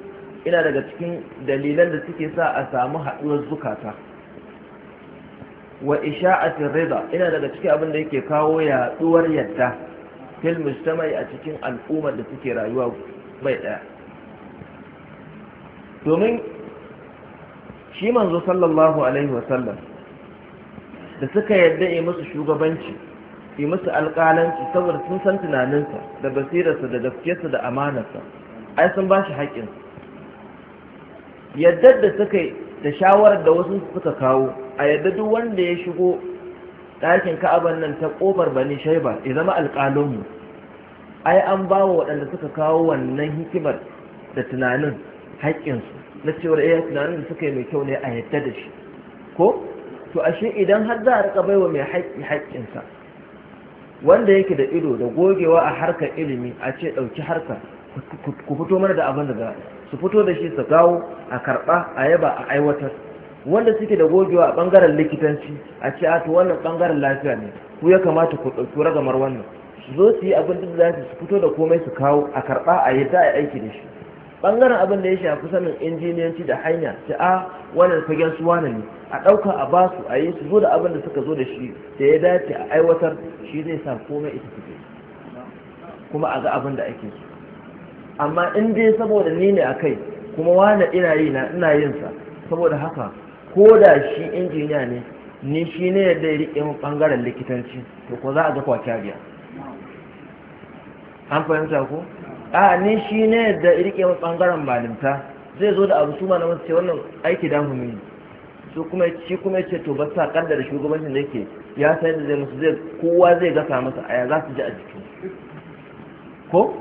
ina daga cikin dalilan da suke sa a samu haɗuwar zukata wa a rida ina daga cikin abin da yake kawo yaduwar yadda fil mujtama'i a cikin al'ummar da suke rayuwa bai daya domin shi manzo sallallahu alaihi wa sallam da suka yadda yi musu shugabanci yi musu alƙalanci saboda sun san tunaninsa da basirarsa da gaskiyarsa da amanarsa ai sun ba shi haƙƙinsa yadda da suka yi da shawarar da wasu suka kawo a yadda duk wanda ya shigo ɗakin ka'abar nan ta ƙofar bani shaiba ya zama alƙalinmu ai an ba wa waɗanda suka kawo wannan hikimar da tunanin haƙƙinsu na cewar eh tunanin da suka yi mai kyau ne a yadda da shi ko to ashe idan har za a riƙa baiwa mai haƙƙi haƙƙinsa wanda yake da ido da gogewa a harkar ilimi a ce ɗauki harkar ku fito mana da abin da za su fito da shi su gawo a karɓa a yaba a aiwatar wanda suke da gogewa a ɓangaren likitanci a ce a to wannan ɓangaren lafiya ne ku ya kamata ku ɗauki ragamar wannan su zo su yi abin da za su fito da komai su kawo a karɓa a yadda a aiki da shi ɓangaren abin da ya shafi sanin injiniyanci da hanya ta a wannan fagen su na ne a ɗauka a basu a yi su zo da abin da suka zo da shi da ya dace a aiwatar shi zai sa komai ita fito kuma a ga abin da ake so amma in dai saboda ni ne a kai kuma wani ina yi na ina yin sa saboda haka ko da shi injiniya ne ni shi ne yadda ya riƙe min ɓangaren likitanci to ko za a ga kwace biya an fahimta ko a ni shi ne yadda ya riƙe min ɓangaren malimta zai zo da abu su malamin ce wannan aiki damu mini su kuma shi kuma ya ce to ba sa kanda da shugabancin da yake ya san da zai musu zai kowa zai gasa masa aya za su ji a jiki ko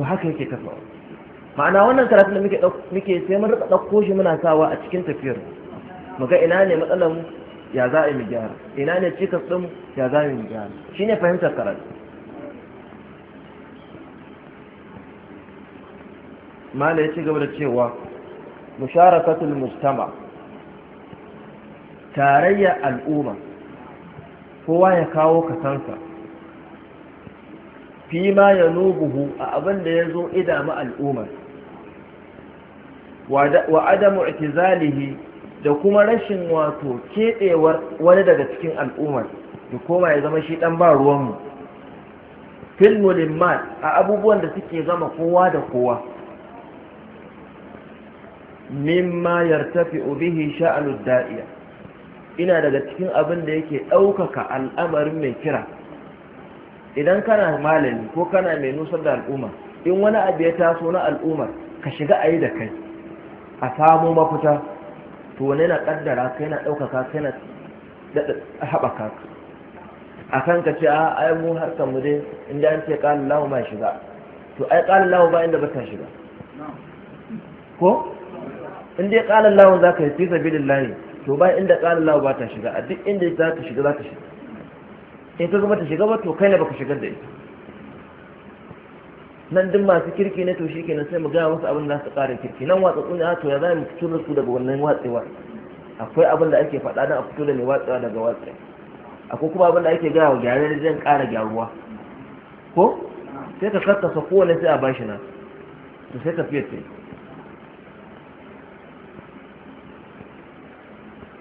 to haka yake kafa ma'ana wannan karatun da muke sai mun rika ɗauko shi muna sawa a cikin tafiyar mu ga ina ne matsalar ya za a mu gyara ina ne cikas ya za a mu gyara shine fahimtar karatu mala ya ci gaba da cewa musharakatul mustama tarayya al'umma kowa ya kawo kasansa Fima ma ya nubuhu a abin da ya zo idama al'umar wa adamu itizalihi da kuma rashin wato keɓewar wani daga cikin al'ummar da koma ya zama shi ɗan ba ruwanmu fil mulimmat a abubuwan da suke zama kowa da kowa mimma yartafi bihi sha’alud da'iya ina daga cikin abin da yake ɗaukaka al'amarin mai kira idan kana malami ko kana mai nusar da al'umma in wani abu ya taso na al'umma ka shiga a yi da kai a samu mafita to wani na kaddara kai na ɗaukaka kai na haɓaka a kan ka ce a ai mu harkar mu dai inda an ce ƙalin lahu ma shiga to ai ƙalin lahu ba inda ba ta shiga ko in dai ƙalin lahu za ka yi fi sabilin layi to ba inda ƙalin lahu ba ta shiga a duk inda za ka shiga za ka shiga in ka gama ta shiga ba to kai ne baka shigar da ita nan duk masu kirki ne to shi kenan sai mu gaya wasu abin da su ƙara kirki nan watsa ne a to ya za mu fito da su daga wannan watsewa akwai abin da ake faɗa don a fito da mai watsewa daga watsewa akwai kuma abin da ake gaya wa gyare da zan ƙara gyaruwa ko sai ka karkasa kowane sai a bashi na to sai ka fiye sai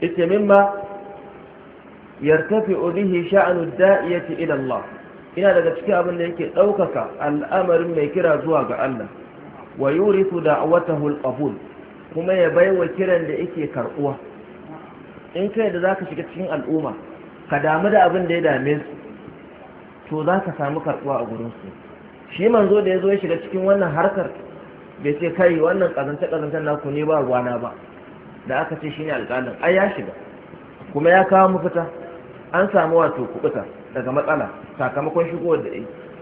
ita mimma yartafi'u bihi sha'nu da'iyati ila Allah ina daga cikin abin da yake ɗaukaka al'amarin mai kira zuwa ga Allah wa yurisu da'watahu al-qabul kuma ya baiwa kiran da yake karbuwa in kai da zaka shiga cikin al'umma ka damu da abin da ya dame su to zaka samu karbuwa a gurin su shi manzo da yazo ya shiga cikin wannan harkar bai ce kai wannan kazance na naku ne ba ruwana ba da aka ce shine alƙalin ai ya shiga kuma ya kawo mafita an samu wato kubuta daga matsala sakamakon shigo da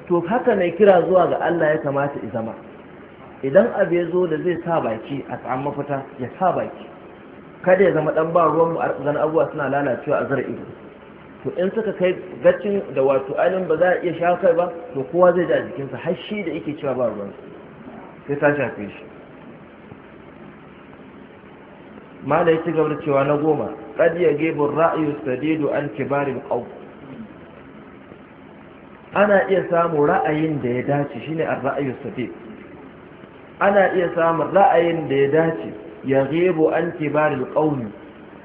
to haka ne kira zuwa ga Allah ya kamata i zama idan abu ya zo da zai sa baki a tsaman mafita ya sa baki kada ya zama dan ba ruwan mu arzan abuwa suna lalacewa a zara ido to in suka kai gacin da wato ainihin ba za a iya shawo ba to kowa zai ja jikinsa har shi da yake cewa ba ruwan sai ta shafe shi mala ya ci gaba da cewa na goma قد يجيب الرأي السديد عن كبار القوم ana iya samun ra'ayin da ya dace shine ar-ra'ayu sadid ana iya samun ra'ayin da ya dace ya ghebo an kibaril qaumi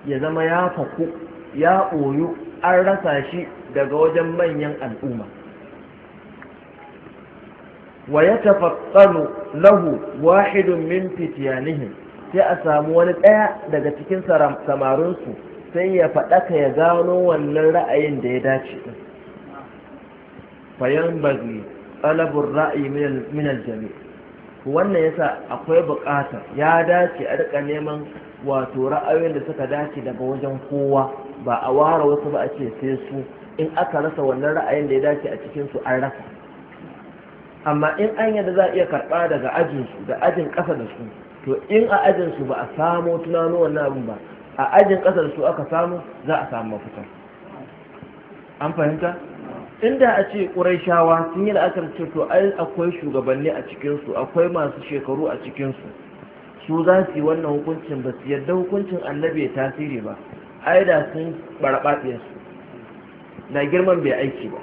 ya zama ya faku ya oyu an rasa shi daga wajen manyan al'umma wa ya yatafattalu lahu wahidun min fityanihim sai a samu wani ɗaya daga cikin samarinsu sai ya faɗaka ya gano wannan ra'ayin da ya dace ɗin fayan bagi ɗalabin ra'ayi minal jami wannan yasa akwai buƙatar ya dace a rika neman wato ra'ayoyin da suka dace daga wajen kowa ba a ware wasu ba a ce sai su in aka rasa wannan ra'ayin da ya dace a cikinsu an rasa amma in an yadda za a iya karɓa daga ajinsu da ajin ƙasa da su to in a ajin su ba a samo tunano wannan abin ba a ajin kasar su aka samu za a samu mafita an fahimta inda a ce shawa sun yi la'akar ce to ai akwai shugabanni a cikinsu akwai masu shekaru a cikinsu su za su yi wannan hukuncin ba su yadda hukuncin annabi ya tasiri ba ai da sun su da girman bai aiki ba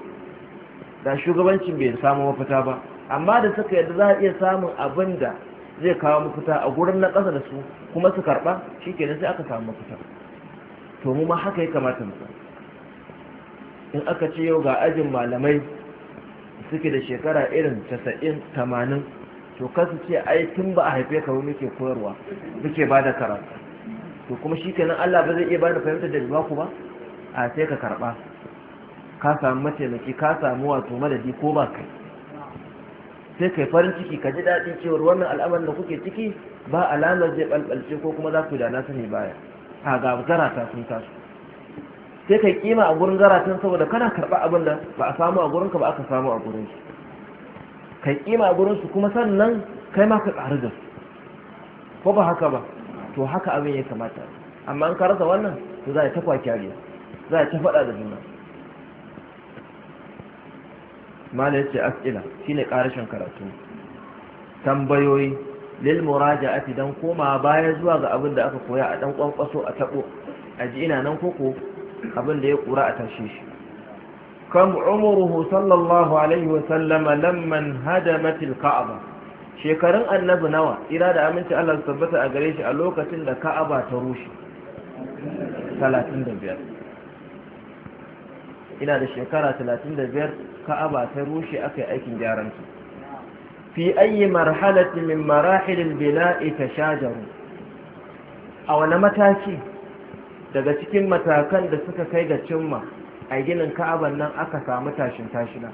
da shugabancin bai samu mafita ba amma da suka yadda za a iya samun abin da zai kawo mafita a gurin na ƙasa da su kuma su karɓa shi kenan sai aka samu mafita to mu ma haka ya kamata mu in aka ce yau ga ajin malamai suke da shekara irin tasa'in tamanin to kasu ce ai tun ba a haife ka wani muke koyarwa muke ba da karatu to kuma shi kenan allah ba zai iya ba da fahimtar da ba ku ba a sai ka karɓa ka samu mataimaki ka samu wato madadi ko ba kai sai kai farin ciki ka ji daɗin cewar wannan al'amarin da kuke ciki ba alamar zai ɓalɓalce ko kuma za ku da na sani baya a ga zarata sun tashi sai kai kima a gurin zaratan saboda kana karɓa abin da ba a samu a gurinka ba aka samu a gurin shi kai kima a gurin su kuma sannan kai ma ka tsari da su ko ba haka ba to haka abin ya kamata amma in ka rasa wannan to za a ta kyariya za a ta faɗa da juna mala yace as'ila shine karashin karatu tambayoyi lil muraja'ati dan koma baya zuwa ga abin da aka koya a dan kwankwaso a tabo a ji ina nan koko abin da ya kura a tashe shi kam umruhu sallallahu alaihi wa sallama lamman hadamat al-ka'aba shekarun annabi nawa ira da aminci Allah su tabbata a gare shi a lokacin da ka'aba ta rushe 35 ina da shekara biyar. ka'aba ta rushe aka yi aikin gyaran su fi ayi marhalati min marahilil bina'i tashajaru a wani mataki daga cikin matakan da suka kai ga cimma a ginin ka'aban nan aka samu tashin tashina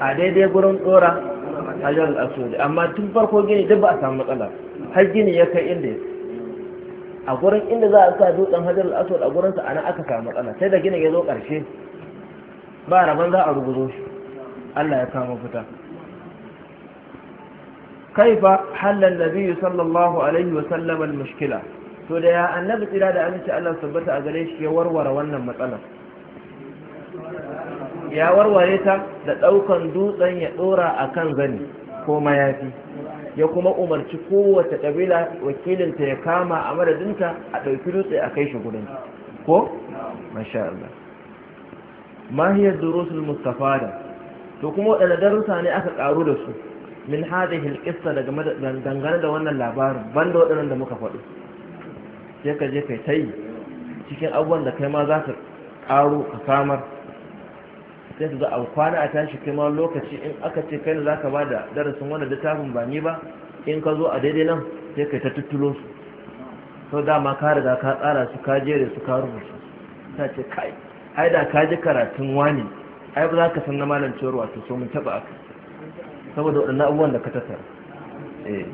a daidai gurin tsora hajar al'asodi amma tun farko gini duk ba a samu matsala har gini ya kai inda a gurin inda za a sa dutsen hajar al'asodi a gurinsa ana aka samu matsala sai da ginin ya zo ƙarshe ba rabon za a rubuzo shi Allah ya kama fita kaifa halal nabiyyu sallallahu alaihi wa sallam al mushkila to da ya annabi tsira da aminci Allah sabbata a gare shi ya warware wannan matsala ya warware ta da ɗaukan dutsen ya ɗora a kan zani ko mayafi ya kuma umarci kowace kabila wakilinta ya kama a madadinta a ɗauki dutse a kai shi gudun ko? masha Allah mahiyar durusul mustafada to kuma waɗanda darussa ne aka ƙaru da su min hadhihi alqissa daga dangane da wannan labarin banda waɗannan da muka faɗi sai ka je kai tai cikin abubuwan da kai ma za ka ƙaro ka samar sai su ga a kwana a tashi kai ma lokaci in aka ce kai ne za ka ba da darasin wannan littafin ba ni ba in ka zo a daidai nan sai kai ta tuttulo su to dama ka riga ka tsara su ka jere su ka rubuta ta ce kai ai da ka ji karatun wani ai ba za ka san na malam cewar wato so mun taba aka saboda waɗannan abubuwan da ka tattara eh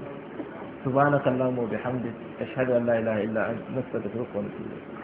subhanakallahumma wa bihamdik ashhadu an la ilaha illa anta da wa natubu ilayk